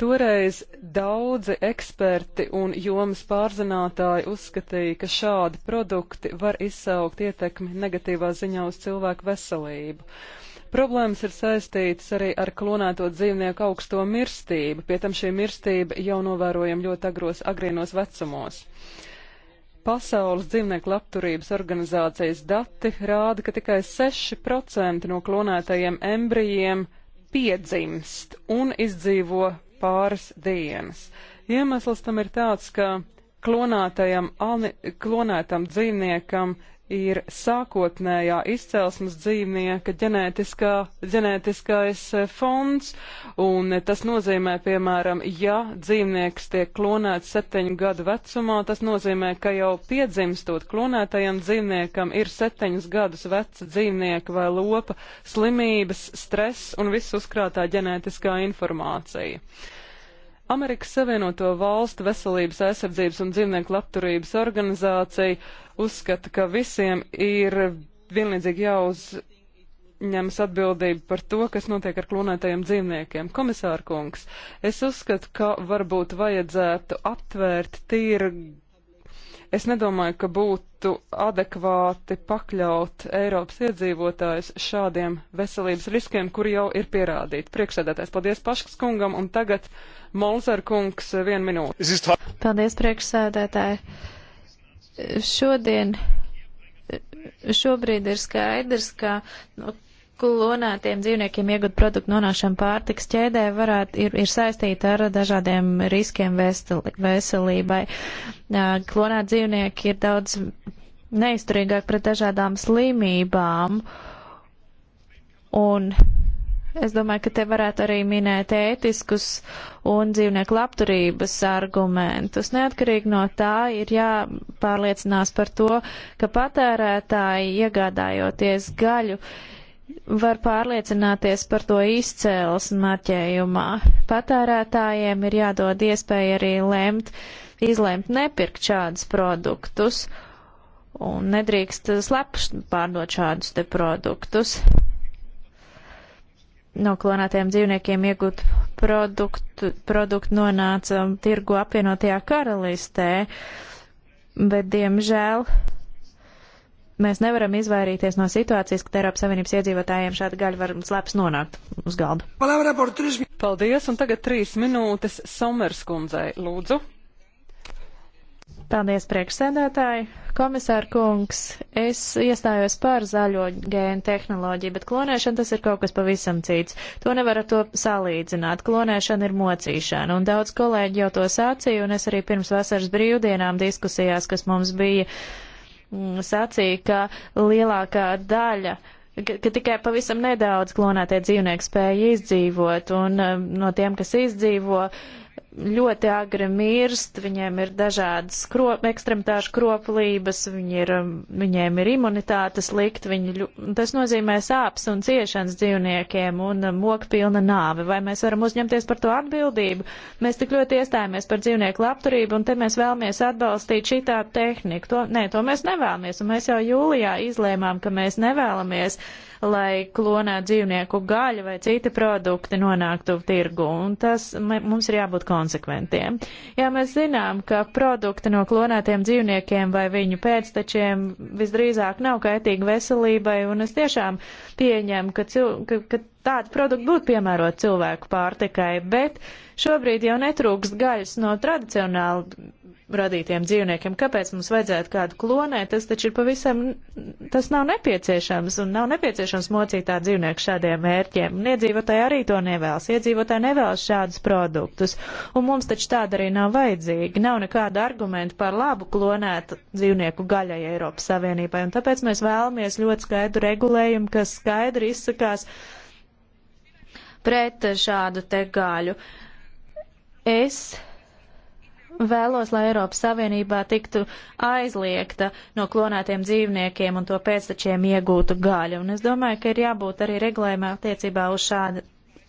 Toreiz daudzi eksperti un jomas pārzinātāji uzskatīja, ka šādi produkti var izsaukt ietekmi negatīvā ziņā uz cilvēku veselību Problēmas ir saistītas arī ar klonēto dzīvnieku augsto mirstību, pie tam šī mirstība jau novērojam ļoti agros, agrīnos vecumos. Pasaules dzīvnieku labturības organizācijas dati rāda, ka tikai 6% no klonētajiem embrijiem piedzimst un izdzīvo pāris dienas. Iemesls tam ir tāds, ka klonētajam, klonētam dzīvniekam ir sākotnējā izcelsmes dzīvnieka ģenētiskā, ģenētiskais eh, fonds, un tas nozīmē, piemēram, ja dzīvnieks tiek klonēts septiņu gadu vecumā, tas nozīmē, ka jau piedzimstot klonētajam dzīvniekam ir septiņus gadus veca dzīvnieka vai lopa slimības, stress un viss uzkrātā ģenētiskā informācija. Amerikas Savienoto Valstu Veselības aizsardzības un dzīvnieku labturības organizācija uzskata, ka visiem ir vienlīdzīgi jāuzņemas atbildība par to, kas notiek ar klonētajiem dzīvniekiem. Komisāra kungs, es uzskatu, ka varbūt vajadzētu aptvērt tirgu es nedomāju, ka būtu adekvāti pakļaut Eiropas iedzīvotājus šādiem veselības riskiem, kuri jau ir pierādīti. Priekšsēdētājs, paldies Paškas kungam, un tagad Molzer kungs vienu minūti. Paldies, priekšsēdētāji šodien, šobrīd ir skaidrs, ka no klonētiem dzīvniekiem iegūt produktu nonākšana pārtiks ķēdē varētu, ir, ir saistīta ar dažādiem riskiem veselībai. Klonēt dzīvnieki ir daudz neizturīgāk pret dažādām slimībām. Un Es domāju, ka te varētu arī minēt ētiskus un dzīvnieku labturības argumentus. Neatkarīgi no tā ir jāpārliecinās par to, ka patērētāji iegādājoties gaļu var pārliecināties par to izcēles marķējumā. Patērētājiem ir jādod iespēja arī lemt, izlemt nepirkt šādus produktus un nedrīkst slepš pārdot šādus te produktus no klonētajiem dzīvniekiem iegūt produktu, produktu nonāca tirgu apvienotajā karalistē, bet diemžēl mēs nevaram izvairīties no situācijas, ka Eiropas Savienības iedzīvotājiem šāda gaļa var slēps nonākt uz galda. Paldies, un tagad trīs minūtes Somers kundzei, lūdzu. Paldies, priekšsēdētāji. Komisāra kungs, es iestājos par zaļo gēnu tehnoloģiju, bet klonēšana tas ir kaut kas pavisam cits. To nevar ar to salīdzināt. Klonēšana ir mocīšana, un daudz kolēģi jau to sacīja, un es arī pirms vasaras brīvdienām diskusijās, kas mums bija, mm, sacīja, ka lielākā daļa ka, ka tikai pavisam nedaudz klonētie dzīvnieki spēja izdzīvot, un eh, no tiem, kas izdzīvo, uh, ļoti agri mirst, viņiem ir dažādas krop, ekstremitāšu kroplības, viņi ir, um, viņiem ir imunitāte slikta, viņi, tas nozīmē sāpes un ciešanas dzīvniekiem un um, moka pilna nāve. Vai mēs varam uzņemties par to atbildību? Mēs tik ļoti iestājāmies par dzīvnieku labturību un te mēs vēlamies atbalstīt šitā tehniku. To, nē, to mēs nevēlamies un mēs jau jūlijā izlēmām, ka mēs nevēlamies lai klonā dzīvnieku gaļa vai citi produkti nonāktu tirgu, un tas mums ir jābūt konsekventiem. Jā, mēs zinām, ka produkti no klonētiem dzīvniekiem vai viņu pēctečiem visdrīzāk nav kaitīgi veselībai, un es tiešām pieņemu, ka, cil, ka, ka tādi produkti būtu piemēroti cilvēku pārtikai, bet šobrīd jau netrūkst gaļas no tradicionāli radītiem dzīvniekiem. Kāpēc mums vajadzētu kādu klonēt? Tas taču ir pavisam, tas nav nepieciešams un nav nepieciešams mocīt tā dzīvnieku šādiem mērķiem. Un iedzīvotāji arī to nevēlas. Iedzīvotāji nevēlas šādus produktus. Un mums taču tāda arī nav vajadzīga. Nav nekāda argumenta par labu klonēt dzīvnieku gaļai Eiropas Savienībai. Un tāpēc mēs vēlamies ļoti skaidru regulējumu, kas skaidri izsakās pret šādu te gaļu. Es vēlos, lai Eiropas Savienībā tiktu aizliegta no klonētiem dzīvniekiem un to pēctečiem iegūtu gaļu. Un es domāju, ka ir jābūt arī regulējumā attiecībā uz šādu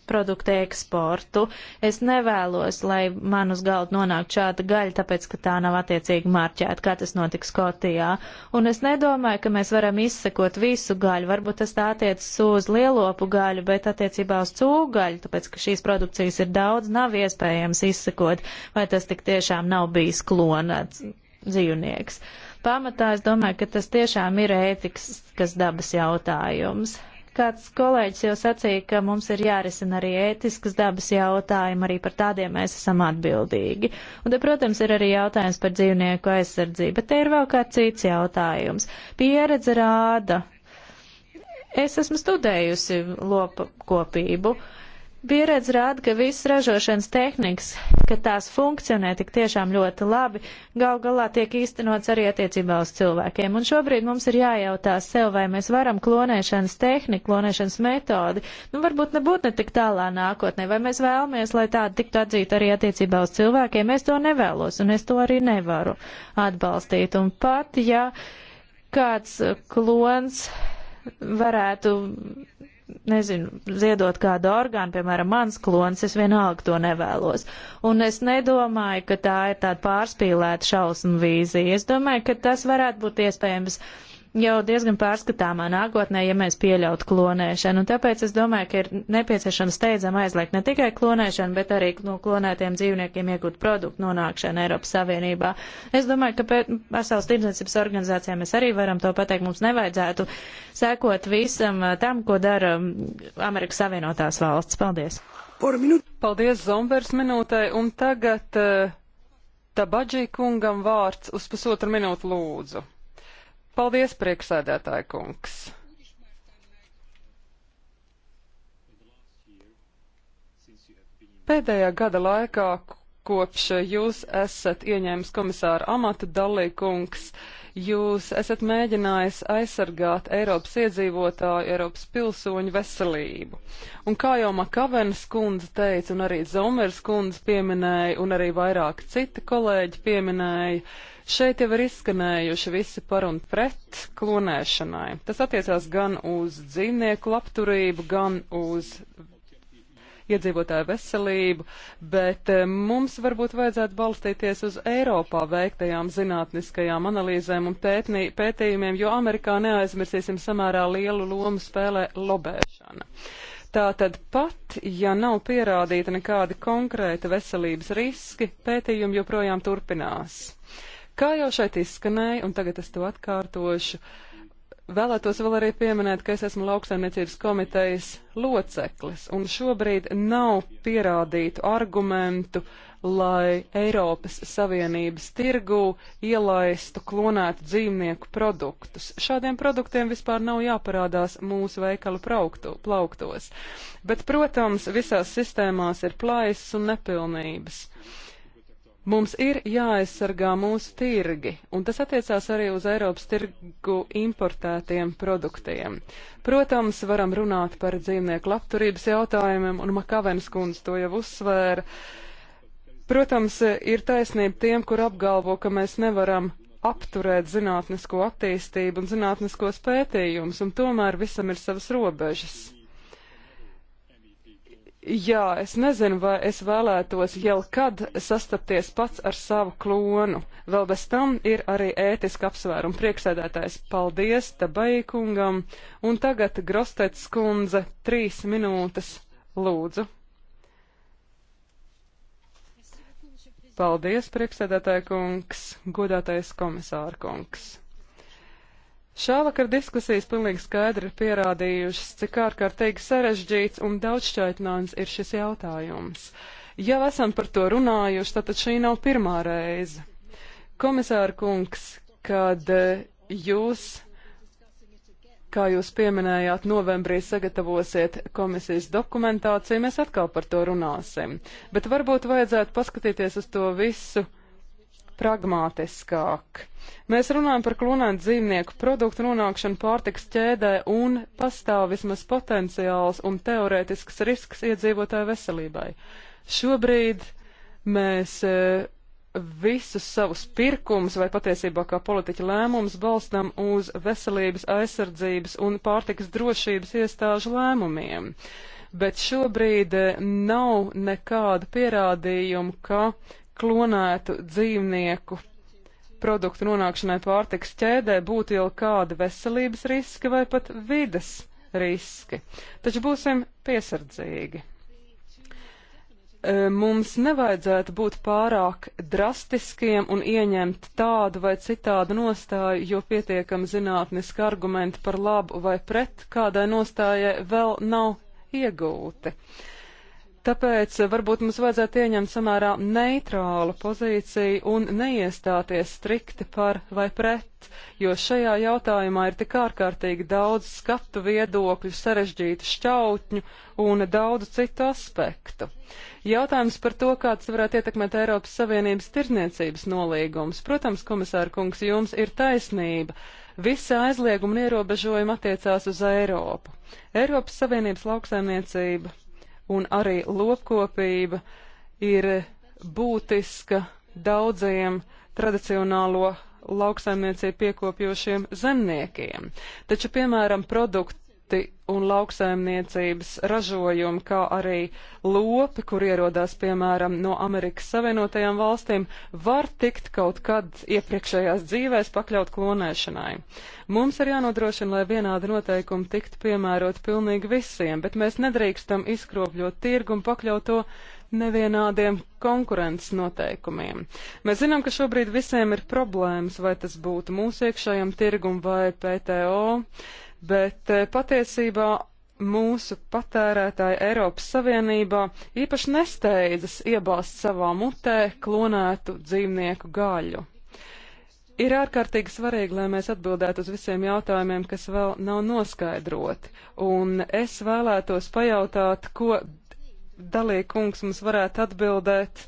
produktu eksportu. Es nevēlos, lai man uz galda nonāktu šāda gaļa, tāpēc, ka tā nav attiecīgi marķēta, kā tas notiks Skotijā. Un es nedomāju, ka mēs varam izsekot visu gaļu. Varbūt tas tā attiecas uz lielopu gaļu, bet attiecībā uz cūgaļu, tāpēc, ka šīs produkcijas ir daudz, nav iespējams izsekot, vai tas tik tiešām nav bijis klonēts dzīvnieks. Pamatā es domāju, ka tas tiešām ir ētikas dabas jautājums. Kāds kolēģis jau sacīja, ka mums ir jārisina arī ētiskas dabas jautājumi, arī par tādiem mēs esam atbildīgi. Un te, protams, ir arī jautājums par dzīvnieku aizsardzību, bet te ir vēl kāds cits jautājums. Pieredze rāda. Es esmu studējusi lopkopību. Uh, Pieredze rāda, ka visas ražošanas tehnikas, ka tās funkcionē tik tiešām ļoti labi, gal galā tiek īstenots arī attiecībā uz cilvēkiem. Un šobrīd mums ir jājautā sev, vai mēs varam klonēšanas tehniku, klonēšanas metodi, nu varbūt nebūt ne tik tālā nākotnē, vai mēs vēlamies, lai tāda tiktu atzīta arī attiecībā uz cilvēkiem. Es to nevēlos, un es to arī nevaru atbalstīt. Un pat, ja kāds klons varētu nezinu, ziedot kādu orgānu, piemēram, mans klons, es vienalga to nevēlos. Un es nedomāju, ka tā ir tāda pārspīlēta šausmu vīzija. Es domāju, ka tas varētu būt iespējams jau diezgan pārskatāmā nākotnē, ja mēs pieļautu klonēšanu. Un tāpēc es domāju, ka ir nepieciešams steidzam aizliegt ne tikai klonēšanu, bet arī no klonētiem dzīvniekiem iegūt produktu nonākšanu Eiropas Savienībā. Es domāju, ka pasaules tirdzniecības organizācijā mēs arī varam to pateikt. Mums nevajadzētu sekot visam tam, ko dara Amerikas Savienotās valsts. Paldies! Paldies Zombers minūtē, un tagad uh, Tabadžī kungam vārds uz pusotru minūtu lūdzu. Paldies, prieksēdētāji kungs! Pēdējā gada laikā, kopš jūs esat ieņēmis komisāra amatu, Dalī kungs, uh, Jūs esat mēģinājis aizsargāt Eiropas iedzīvotāju, Eiropas pilsoņu veselību. Un kā jau Makavenas kundze teica, un arī Zomers kundze pieminēja, un arī vairāki citi kolēģi pieminēja, Šeit jau ir izskanējuši visi par un pret klonēšanai. Tas attiecās gan uz dzīvnieku labturību, gan uz iedzīvotāju veselību, bet eh, mums varbūt vajadzētu balstīties uz Eiropā veiktajām zinātniskajām analīzēm un pētnī, pētījumiem, jo Amerikā neaizmirsīsim samērā lielu lomu spēlē lobēšana. Tātad pat, ja nav pierādīta nekādi konkrēti veselības riski, pētījumi joprojām turpinās. Kā jau šeit izskanēja, un tagad es to atkārtošu, uh, Vēlētos vēl arī pieminēt, ka es esmu lauksaimniecības komitejas loceklis, un šobrīd nav pierādītu argumentu, lai Eiropas Savienības tirgū ielaistu klonētu dzīvnieku produktus. Šādiem produktiem vispār nav jāparādās mūsu veikalu prauktu, plauktos. Bet, protams, visās sistēmās ir plaisas un nepilnības. Uh, Mums ir jāaizsargā mūsu tirgi, un tas attiecās arī uz Eiropas tirgu importētiem produktiem. Protams, varam runāt par dzīvnieku labturības jautājumiem, un Makavens kundze to jau uzsvēra. Protams, ir taisnība tiem, kur apgalvo, ka mēs nevaram apturēt zinātnisko attīstību un zinātniskos pētījumus, un tomēr visam ir savas robežas. Jā, es nezinu, vai es vēlētos jau kad sastapties pats ar savu klonu. Vēl bez tam ir arī ētiska apsvēruma priekšsēdētājs. Paldies Tabai kungam. Un tagad Grostets kundze, trīs minūtes, lūdzu. Paldies, priekšsēdētāja kungs, godātais komisāra kungs. Šāvakar diskusijas pilnīgi skaidri ir pierādījušas, cik ārkārtīgi sarežģīts un daudzšķaitnāns ir šis jautājums. Jau esam par to runājuši, tātad šī nav pirmā reize. Komisāra kungs, kad eh, jūs kā jūs pieminējāt, novembrī sagatavosiet komisijas dokumentāciju, mēs atkal par to runāsim. Bet varbūt vajadzētu paskatīties uz to visu pragmātiskāk. Mēs runājam par klonētu dzīvnieku produktu nonākšanu pārtiks ķēdē un pastāv vismaz potenciāls un teorētisks risks iedzīvotāju veselībai. Šobrīd mēs e, visus savus pirkumus vai patiesībā kā politiķa lēmumus balstam uz veselības aizsardzības un pārtikas drošības iestāžu lēmumiem. Bet šobrīd e, nav nekāda pierādījuma, ka klonētu dzīvnieku produktu nonākšanai pārtiks ķēdē būtu jau kādi veselības riski vai pat vides riski. Taču būsim piesardzīgi. E, mums nevajadzētu būt pārāk drastiskiem un ieņemt tādu vai citādu nostāju, jo pietiekami zinātniski argumenti par labu vai pret kādai nostājai vēl nav iegūti. Uh, Tāpēc eh, varbūt mums vajadzētu ieņemt samērā neitrālu pozīciju un neiestāties strikti par vai pret, jo šajā jautājumā ir tik ārkārtīgi daudz skatu viedokļu, sarežģītu šķautņu un daudz citu aspektu. Jautājums par to, kāds varētu ietekmēt Eiropas Savienības tirzniecības nolīgums. Protams, komisāra kungs, jums ir taisnība. Visi aizliegumi un ierobežojumi attiecās uz Eiropu. Eiropas Savienības lauksaimniecība un arī lopkopība ir būtiska daudziem tradicionālo lauksaimniecību piekopjošiem zemniekiem. Taču, piemēram, produktu citi un lauksaimniecības ražojumi, kā arī lopi, kur ierodās, piemēram, no Amerikas Savienotajām valstīm, var tikt kaut kad iepriekšējās dzīvēs pakļaut klonēšanai. Mums ir jānodrošina, lai vienādi noteikumi tiktu piemērot pilnīgi visiem, bet mēs nedrīkstam izkropļot tirgu un pakļaut to nevienādiem konkurences noteikumiem. Mēs zinām, ka šobrīd visiem ir problēmas, vai tas būtu mūsu iekšējam tirgum vai PTO bet eh, patiesībā mūsu patērētāji Eiropas Savienībā īpaši nesteidzas iebāzt savā mutē klonētu dzīvnieku gaļu. Ir ārkārtīgi svarīgi, lai mēs atbildētu uz visiem jautājumiem, kas vēl nav noskaidroti. Un es vēlētos pajautāt, ko dalīja kungs mums varētu atbildēt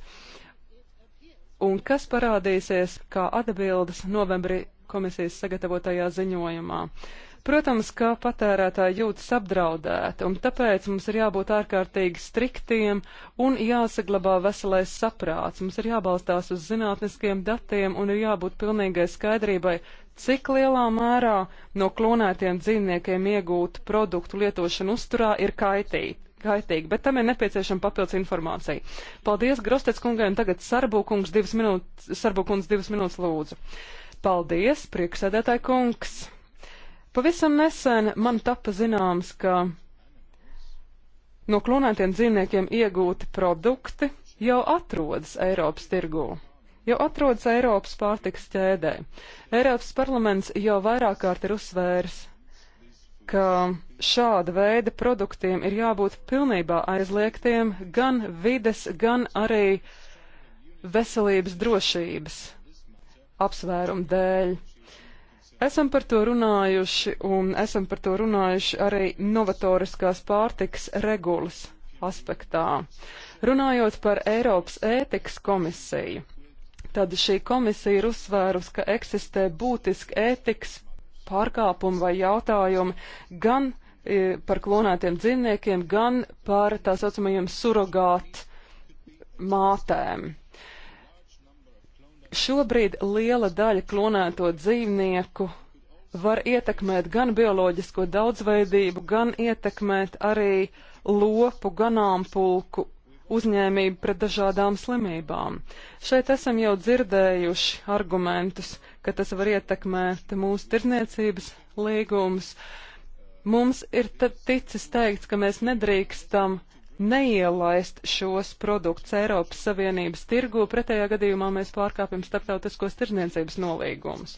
un kas parādīsies kā atbildes novembrī komisijas sagatavotajā ziņojumā. Uh, Protams, ka patērētāji jūtas apdraudēti, un tāpēc mums ir jābūt ārkārtīgi striktiem un jāsaglabā veselais saprāts. Mums ir jābalstās uz zinātniskiem datiem un ir jābūt pilnīgai skaidrībai, cik lielā mērā no klonētiem dzīvniekiem iegūta produktu lietošana uzturā ir kaitīgi. Kaitīgi, bet tam ir nepieciešama papildus informācija. Paldies Grostets kungai un tagad Sarbūkungs divas minūtes, Sarbūkungs divas minūtes lūdzu. Paldies, priekšsēdētāji kungs! Pavisam nesen man tapa zināms, ka no klonētiem dzīvniekiem iegūti produkti jau atrodas Eiropas tirgū, jau atrodas Eiropas pārtiks ķēdē. Eiropas parlaments jau vairāk kārt ir uzsvērs, ka šāda veida produktiem ir jābūt pilnībā aizliegtiem gan vides, gan arī veselības drošības apsvērumu dēļ. Esam par to runājuši un esam par to runājuši arī novatoriskās pārtiks regulas aspektā. Runājot par Eiropas ētikas komisiju, tad šī komisija ir uzsvērus, ka eksistē būtiski ētikas pārkāpumi vai jautājumi gan i, e, par klonētiem dzīvniekiem, gan par tā saucamajiem surogātu mātēm. Šobrīd liela daļa klonēto dzīvnieku var ietekmēt gan bioloģisko daudzveidību, gan ietekmēt arī lopu, ganāmpulku uzņēmību pret dažādām slimībām. Šeit esam jau dzirdējuši argumentus, ka tas var ietekmēt mūsu tirdzniecības līgumus. Mums ir ticis teikts, ka mēs nedrīkstam neielaist šos produktus Eiropas Savienības tirgu, pretējā gadījumā mēs pārkāpjam starptautiskos tirzniecības nolīgumus.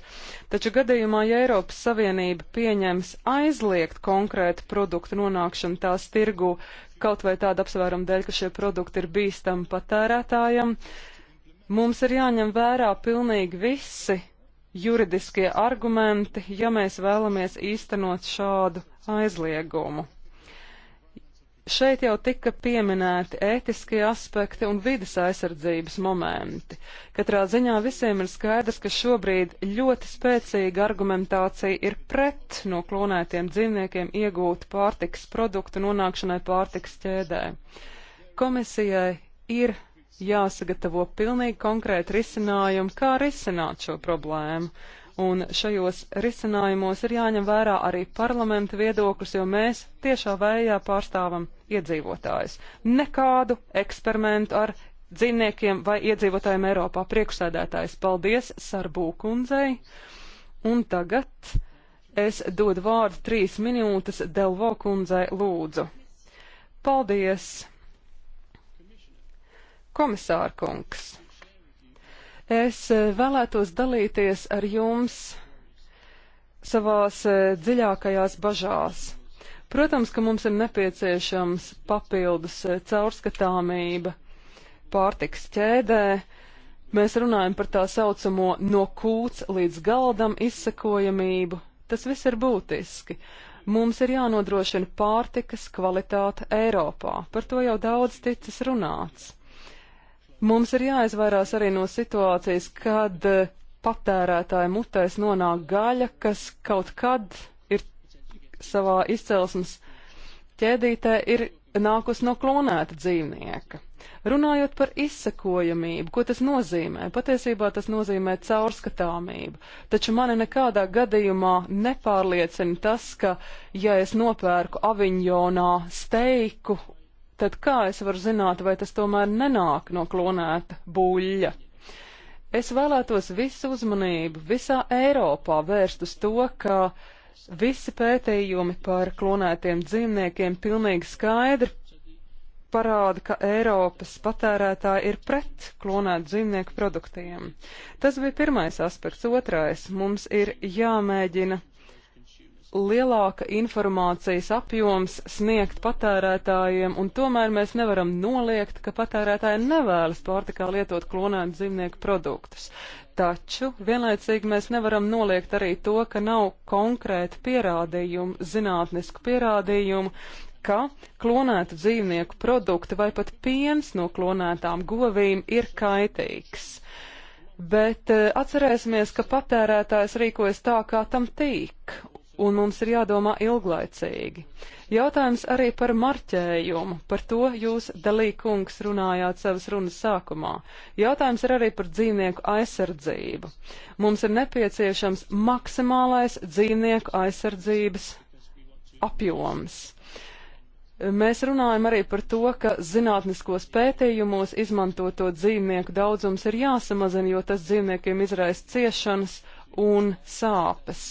Taču gadījumā, ja Eiropas Savienība pieņems aizliegt konkrētu produktu nonākšanu tās tirgu, kaut vai tāda apsvēruma dēļ, ka šie produkti ir bīstami patērētājam, mums ir jāņem vērā pilnīgi visi juridiskie argumenti, ja mēs vēlamies īstenot šādu aizliegumu. Šeit jau tika pieminēti ētiskie aspekti un vidas aizsardzības momenti. Katrā ziņā visiem ir skaidrs, ka šobrīd ļoti spēcīga argumentācija ir pret no klonētiem dzīvniekiem iegūtu pārtikas produktu nonākšanai pārtikas ķēdē. Komisijai ir jāsagatavo pilnīgi konkrēti risinājumi, kā risināt šo problēmu. Un šajos risinājumos ir jāņem vērā arī parlamenta viedoklis, jo mēs tiešā vējā pārstāvam iedzīvotājus. Nekādu eksperimentu ar dzīvniekiem vai iedzīvotājiem Eiropā priekšsēdētājs. Paldies Sarbūkundzei. Un tagad es dodu vārdu trīs minūtes Delvo kundzei lūdzu. Paldies! Komisārkungs! Es e, vēlētos dalīties ar jums savās e, dziļākajās bažās. Protams, ka mums ir nepieciešams papildus e, caurskatāmība pārtiks ķēdē. Mēs runājam par tā saucamo no kūts līdz galdam izsakojamību. Tas viss ir būtiski. Mums ir jānodrošina pārtikas kvalitāte Eiropā. Par to jau daudz ticis runāts. Mums ir jāizvairās arī no situācijas, kad eh, patērētāja mutēs nonāk gaļa, kas kaut kad ir savā izcelsmes ķēdītē ir nākus no klonēta dzīvnieka. Runājot par izsekojamību, ko tas nozīmē? Patiesībā tas nozīmē caurskatāmību, taču mani nekādā gadījumā nepārliecina tas, ka, ja es nopērku aviņjonā steiku tad kā es varu zināt, vai tas tomēr nenāk no klonēta buļļa? Es vēlētos visu uzmanību visā Eiropā vērst uz to, ka visi pētījumi par klonētiem dzīvniekiem pilnīgi skaidri parāda, ka Eiropas patērētāji ir pret klonētu dzīvnieku produktiem. Tas bija pirmais aspekts. Otrais - mums ir jāmēģina lielāka informācijas apjoms sniegt patērētājiem, un tomēr mēs nevaram noliegt, ka patērētāji nevēlas pārtikā lietot klonētu dzīvnieku produktus. Taču vienlaicīgi mēs nevaram noliegt arī to, ka nav konkrēti pierādījumi, zinātnisku pierādījumu, ka klonētu dzīvnieku produkti vai pat piens no klonētām govīm ir kaitīgs. Bet eh, atcerēsimies, ka patērētājs rīkojas tā, kā tam tīk, un mums ir jādomā ilglaicīgi. Jautājums arī par marķējumu, par to jūs, dalīkungs, runājāt savas runas sākumā. Jautājums ir arī par dzīvnieku aizsardzību. Mums ir nepieciešams maksimālais dzīvnieku aizsardzības apjoms. Mēs runājam arī par to, ka zinātniskos pētījumos izmantoto dzīvnieku daudzums ir jāsamazina, jo tas dzīvniekiem izraisa ciešanas un sāpes.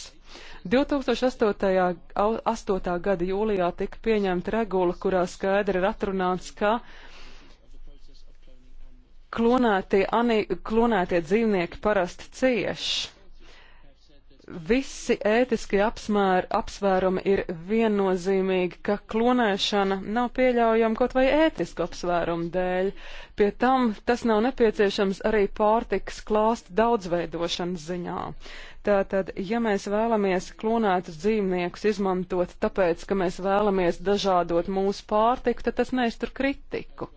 2008. gada jūlijā tika pieņemta regula, kurā skaidri ir atrunāts, ka klonētie, anī, klonētie dzīvnieki parasti cieši. Visi ētiskie apsmēr, apsvērumi ir viennozīmīgi, ka klonēšana nav pieļaujama kaut vai ētisku apsvērumu dēļ. Pie tam tas nav nepieciešams arī pārtikas klāsta daudzveidošanas ziņā. Tātad, ja mēs vēlamies klonētus dzīvniekus izmantot tāpēc, ka mēs vēlamies dažādot mūsu pārtiku, tad tas neiztur kritiku.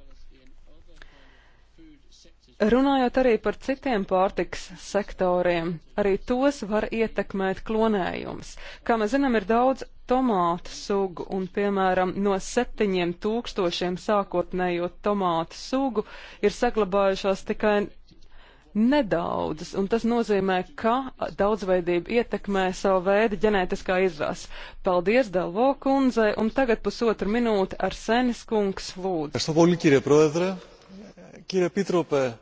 Runājot arī par citiem pārtiks sektoriem, arī tos var ietekmēt klonējums. Kā mēs zinām, ir daudz tomātu sugu, un, piemēram, no septiņiem tūkstošiem sākotnējo tomātu sugu ir saglabājušās tikai nedaudzas, un tas nozīmē, ka daudzveidība ietekmē savu veidu ģenētiskā izrase. Paldies Delvo kundzei, un tagad pusotru minūti ar Senis kungs lūdzu. Ευχαριστώ πολύ κύριε Πρόεδρε. Κύριε Επίτροπε,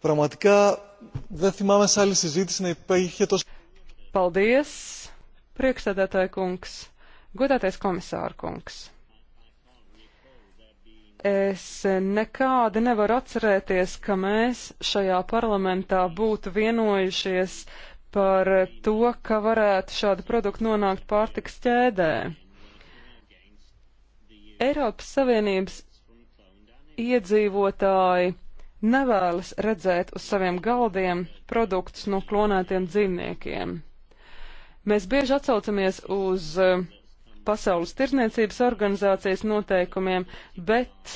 πραγματικά δεν θυμάμαι σε άλλη συζήτηση να υπήρχε τόσο... Paldies, priekšsēdētāja kungs, godātais komisāra kungs. Es nekādi nevaru atcerēties, ka mēs šajā parlamentā būtu vienojušies par to, ka varētu šādi produkti nonākt pārtiks ķēdē. Eiropas Savienības iedzīvotāji nevēlas redzēt uz saviem galdiem produktus no klonētiem dzīvniekiem. Mēs bieži atsaucamies uz uh, Pasaules tirzniecības organizācijas noteikumiem, bet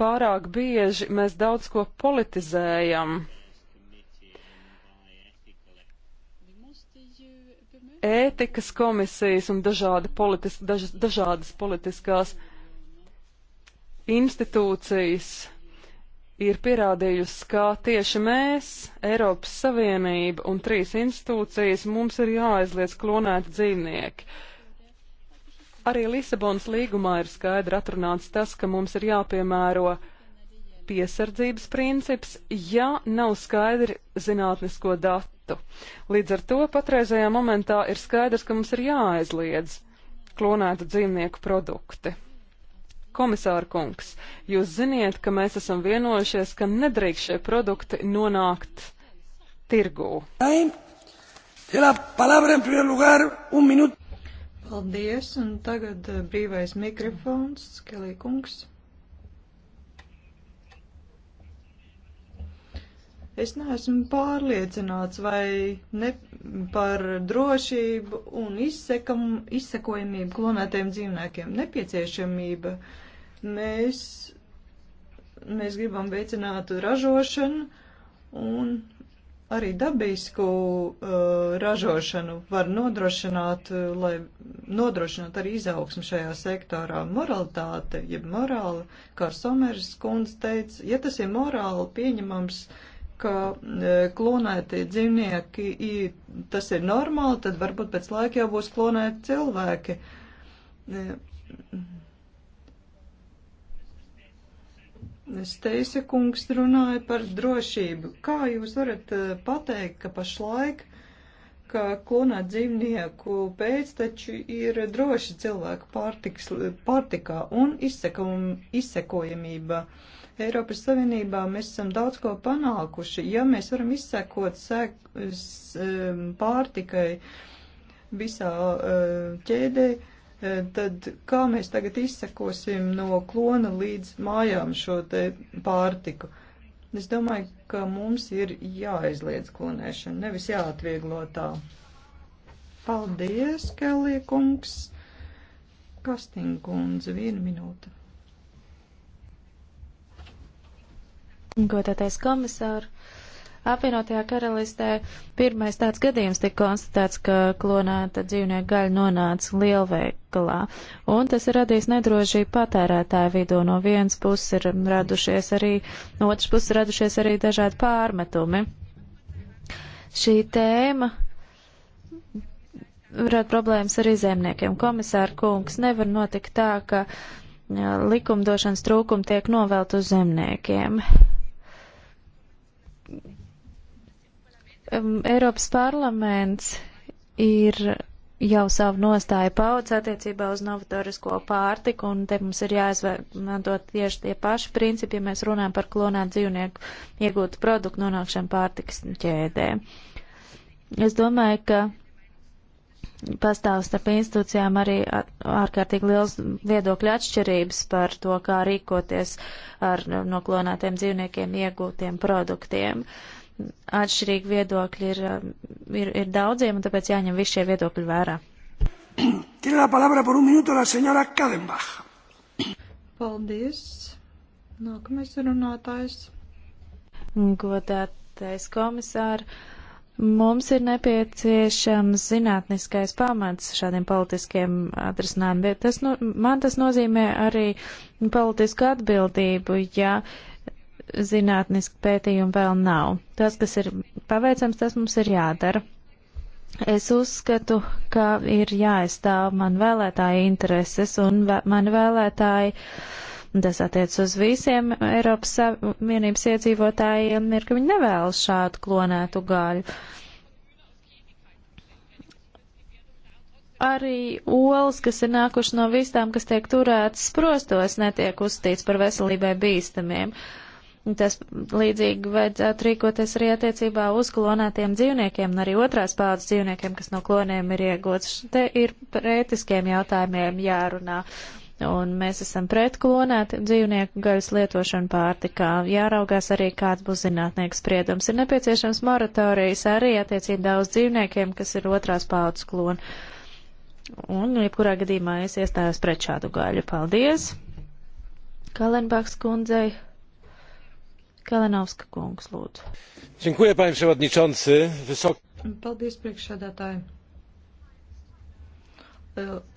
pārāk bieži mēs daudz ko politizējam. Ētikas komisijas un dažādi politis, daž, dažādas politiskās institūcijas ir pierādījusi, ka tieši mēs, Eiropas Savienība un trīs institūcijas, mums ir jāaizliedz klonēti dzīvnieki. Arī Lisabonas līgumā ir skaidri atrunāts tas, ka mums ir jāpiemēro piesardzības princips, ja nav skaidri zinātnisko datu. Līdz ar to patreizajā momentā ir skaidrs, ka mums ir jāaizliedz klonētu dzīvnieku produkti. Komisāra kungs, jūs ziniet, ka mēs esam vienojušies, ka nedrīkst šie produkti nonākt tirgū. Paldies, un tagad eh, brīvais mikrofons, Skelī kungs. Es neesmu pārliecināts vai ne par drošību un izsekam, izsekojamību klonētiem dzīvniekiem. Nepieciešamība. Mēs, mēs gribam veicināt ražošanu un arī dabīsku uh, ražošanu var nodrošināt, uh, lai nodrošināt arī izaugsmu šajā sektorā. Moralitāte, jeb ja morāla, kā Someris kundze teica, ja tas ir morāli pieņemams, ka uh, klonēti dzīvnieki, i, tas ir normāli, tad varbūt pēc laika jau būs klonēti cilvēki. Uh, Steisa kungs runāja par drošību. Kā jūs varat eh, pateikt, ka pašlaik, ka klonēt dzīvnieku pēc taču ir droši cilvēku pārtiks, pārtikā un izsekam, izsekojamība? Eiropas Savienībā mēs esam daudz ko panākuši, ja mēs varam izsekot sek, s, eh, pārtikai visā eh, ķēdē. Uh, E, tad kā mēs tagad izsekosim no klona līdz mājām šo te pārtiku? Es domāju, ka mums ir jāaizliedz klonēšana, nevis jāatvieglo tā. Paldies, Kellie kungs! Kastingundze, viena minūte. Godātais komisār, Apvienotajā karalistē pirmais tāds gadījums tika konstatēts, ka klonēta dzīvnieku gaļa nonāca lielveikalā, un tas ir radījis nedrošību patērētāju vidū. No vienas puses ir radušies arī, no otras puses radušies arī dažādi pārmetumi. Šī tēma varētu problēmas ar izēmniekiem. Komisāra kungs nevar notikt tā, ka likumdošanas trūkumi tiek novelt uz zemniekiem um, Eiropas parlaments ir jau savu nostāju paudzes attiecībā uz novatorisko pārtiku, un te mums ir jāizmanto tieši tie paši principi, ja mēs runājam par klonēt dzīvnieku iegūtu produktu nonākšanu pārtikas ķēdē. Es domāju, ka pastāv starp institūcijām arī ārkārtīgi liels viedokļu atšķirības par to, kā rīkoties ar noklonētiem dzīvniekiem iegūtiem produktiem. Uh, atšķirīgi viedokļi ir, um, ir, ir daudziem, un tāpēc jāņem visi šie viedokļi vērā. Paldies. Nākamais runātājs. Godātais komisāri, mums ir nepieciešams zinātniskais pamats šādiem politiskiem atrisinājumiem, bet tas, nu, man tas nozīmē arī politisku atbildību, ja uh, zinātniski pētījumi vēl nav. Tas, kas ir paveicams, tas mums ir jādara. Es uzskatu, ka ir jāaizstāv man vēlētāju intereses un vē, man vēlētāji. Tas attiec uz visiem Eiropas Savienības iedzīvotājiem, ir, ka viņi nevēlas šādu klonētu gaļu. Arī olas, kas ir nākuši no vistām, kas tiek turētas sprostos, netiek uzskatīts par veselībai bīstamiem. Uh, Tas līdzīgi vajadzētu rīkoties arī attiecībā uz klonētiem dzīvniekiem un arī otrās paudzes dzīvniekiem, kas no kloniem ir iegots. Te ir par ētiskiem jautājumiem jārunā. Un mēs esam pret klonēt dzīvnieku gaļas lietošanu pārtikā. Jāraugās arī, kāds būs zinātnieks spriedums. Ir nepieciešams moratorijas arī attiecībā uz dzīvniekiem, kas ir otrās paudzes kloni. Un, jebkurā gadījumā, es iestājos pret šādu gaļu. Paldies! Kalenbaks kundzei! Kalinovska kungs, lūdzu. Dziękuję, panie przewodniczący. Wysok... Paldies, priekšsēdētāji. E,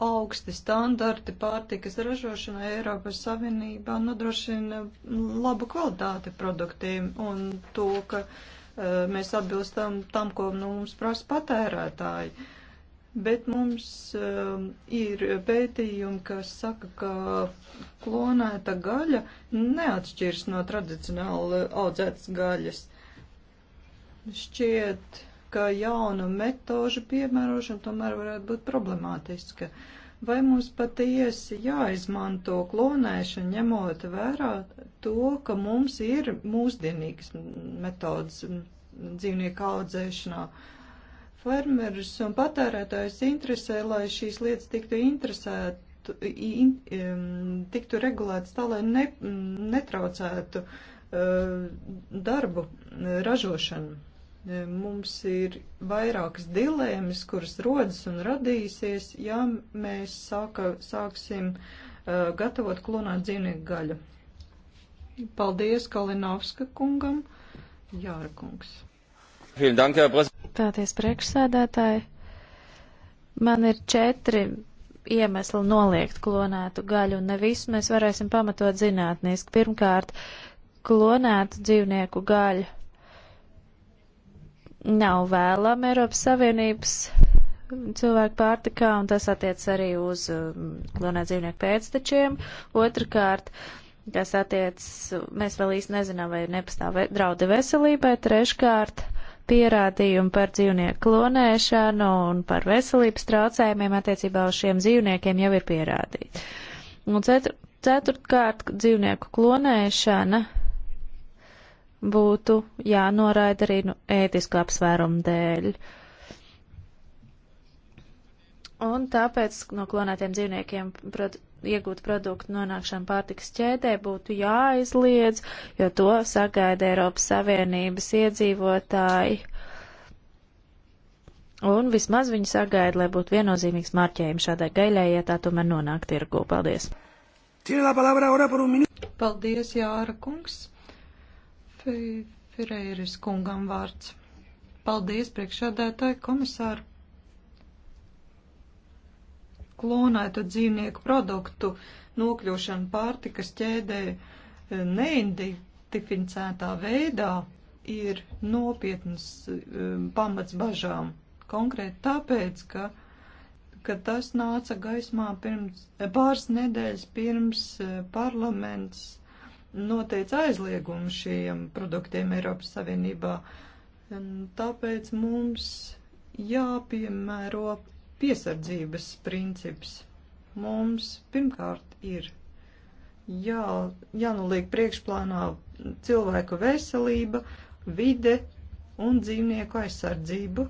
augsti standarti pārtikas ražošanai Eiropas Savienībā nodrošina labu kvalitāti produktiem un to, ka e, mēs atbilstam tam, ko nu, mums prasa patērētāji. Uh, bet mums um, ir pētījumi, kas saka, ka klonēta gaļa neatšķirs no tradicionāli audzētas gaļas. Šķiet, ka jauna metoža piemērošana tomēr varētu būt problemātiska. Vai mums patiesi jāizmanto klonēšana, ņemot vērā to, ka mums ir mūsdienīgas metodas dzīvnieku audzēšanā? Uh, Fermerus un patērētājus interesē, lai šīs lietas tiktu interesētu, in, um, tiktu regulētas tā, lai ne, netraucētu uh, darbu ražošanu. Mums ir vairākas dilēmas, kuras rodas un radīsies, ja mēs sāka, sāksim uh, gatavot klonāt dzīvnieku gaļu. Paldies Kalinovska kungam, Jāra kungs. Tāties priekšsēdētāji, man ir četri iemesli noliegt klonētu gaļu, un ne visu mēs varēsim pamatot zinātniski. Pirmkārt, klonētu dzīvnieku gaļu nav vēlama Eiropas Savienības cilvēku pārtikā, un tas attiec arī uz um, klonētu dzīvnieku pēctečiem. Otrakārt, kas attiec, mēs vēl īsti nezinām, vai nepastāv draudi veselībai. Treškārt, pierādījumi par dzīvnieku klonēšanu un par veselības traucējumiem attiecībā uz šiem dzīvniekiem jau ir pierādīti. Un cetr, ceturtkārt, dzīvnieku klonēšana būtu jānoraida arī nu, ētisku apsvērumu dēļ. Un tāpēc no klonētiem dzīvniekiem, protams, iegūt produktu nonākšanu pārtikas ķēdē būtu jāizliedz, jo to sagaida Eiropas Savienības iedzīvotāji. Un vismaz viņi sagaida, lai būtu viennozīmīgs marķējums šādai gaļai, ja tā tomēr nonāk tirgū. Paldies! Paldies, Jāra kungs! Fireiris kungam vārds. Paldies, priekšādētāji komisāri! klonētu dzīvnieku produktu nokļūšanu pārtikas ķēdē eh, neidentificētā veidā ir nopietnas eh, pamats bažām. Konkrēti tāpēc, ka, ka tas nāca gaismā pirms, eh, pāris nedēļas pirms parlaments noteica aizliegumu šiem produktiem Eiropas Savienībā. Tāpēc mums jāpiemēro piesardzības princips. Mums pirmkārt ir jā, jānoliek priekšplānā cilvēku veselība, vide un dzīvnieku aizsardzība,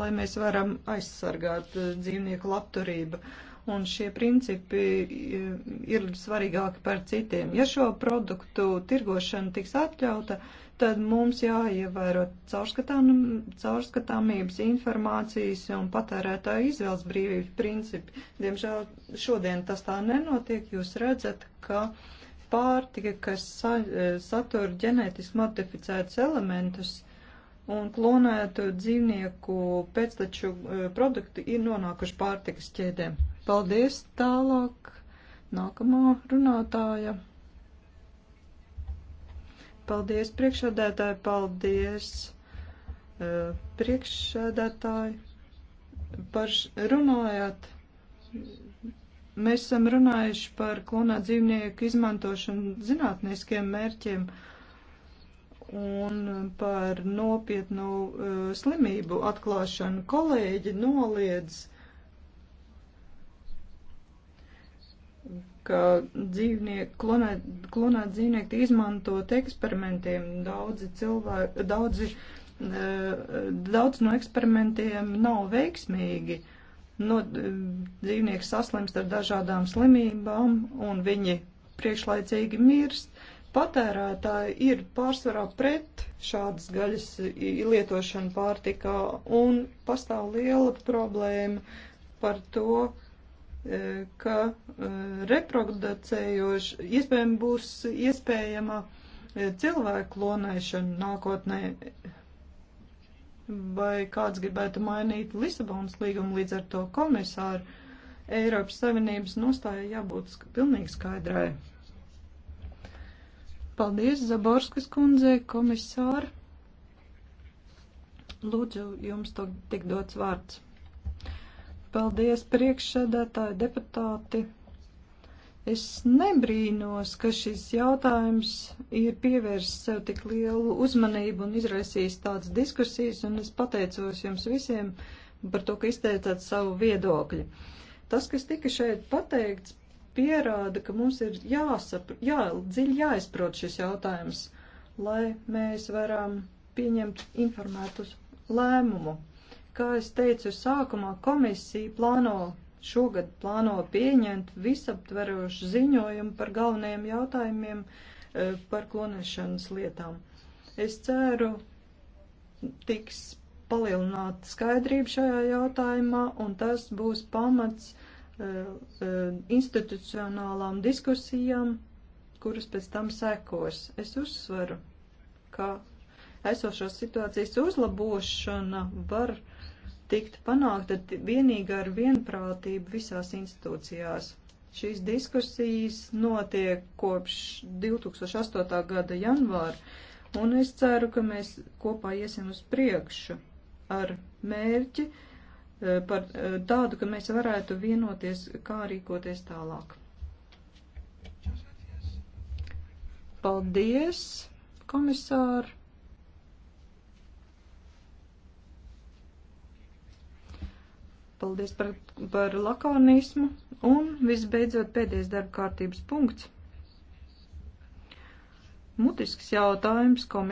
lai mēs varam aizsargāt eh, dzīvnieku labturību un šie principi e, ir svarīgāki par citiem. Ja šo produktu tirgošana tiks atļauta, tad mums jāievēro caurskatām, caurskatāmības informācijas un patērētāju izvēles brīvības principi. Diemžēl šodien tas tā nenotiek. Jūs redzat, ka pārtika, kas sa, e, satura ģenētiski modificētus elementus, un klonētu dzīvnieku pēcteču e, produkti ir nonākuši pārtikas ķēdēm. Paldies tālāk. Nākamā runātāja. Paldies priekšsēdētāji, paldies eh, priekšsēdētāji par runājāt. Mēs esam runājuši par klonā dzīvnieku izmantošanu zinātniskiem mērķiem un par nopietnu uh, slimību atklāšanu. Kolēģi noliedz uh, ka dzīvnieki, klonēt, klonēt dzīvnieki tiek izmantot eksperimentiem. Daudzi cilvēki, daudzi, eh, daudz no eksperimentiem nav veiksmīgi. No, eh, dzīvnieki saslimst ar dažādām slimībām un viņi priekšlaicīgi mirst. Patērētāji ir pārsvarā pret šādas gaļas lietošanu pārtikā un pastāv liela problēma par to, uh, ka e, reproducējoši iespējami būs iespējama e, cilvēku klonēšana nākotnē. Vai kāds gribētu mainīt Lisabonas līgumu līdz ar to komisāru? Eiropas Savienības nostāja jābūt pilnīgi skaidrai. Paldies Zaborskas kundzei, komisāri. Lūdzu, jums to tik dots vārds. Paldies, priekšsēdētāji, deputāti. Es nebrīnos, ka šis jautājums ir pievērsts sev tik lielu uzmanību un izraisījis tādas diskusijas, un es pateicos jums visiem par to, ka izteicāt savu viedokļu. Tas, kas tika šeit pateikts, pierāda, ka mums ir jāsap, jā, dziļi jāizprot šis jautājums, lai mēs varam pieņemt informētus lēmumu. Kā es teicu sākumā, komisija plāno šogad plāno pieņemt visaptverošu ziņojumu par galvenajiem jautājumiem e, par klonešanas lietām. Es ceru, tiks palielināta skaidrība šajā jautājumā, un tas būs pamats e, e, institucionālām diskusijām, kuras pēc tam sekos. Es uzsveru, ka esošās situācijas uzlabošana var uh, tikt panākta vienīgi ar vienprātību visās institūcijās. Šīs diskusijas notiek kopš 2008. gada janvāra, un es ceru, ka mēs kopā iesim uz priekšu ar mērķi eh, par eh, tādu, ka mēs varētu vienoties, kā rīkoties tālāk. Paldies, komisāri! Paldies par, par lakonismu. Un visbeidzot pēdējais darba kārtības punkts. Mutisks jautājums komisija.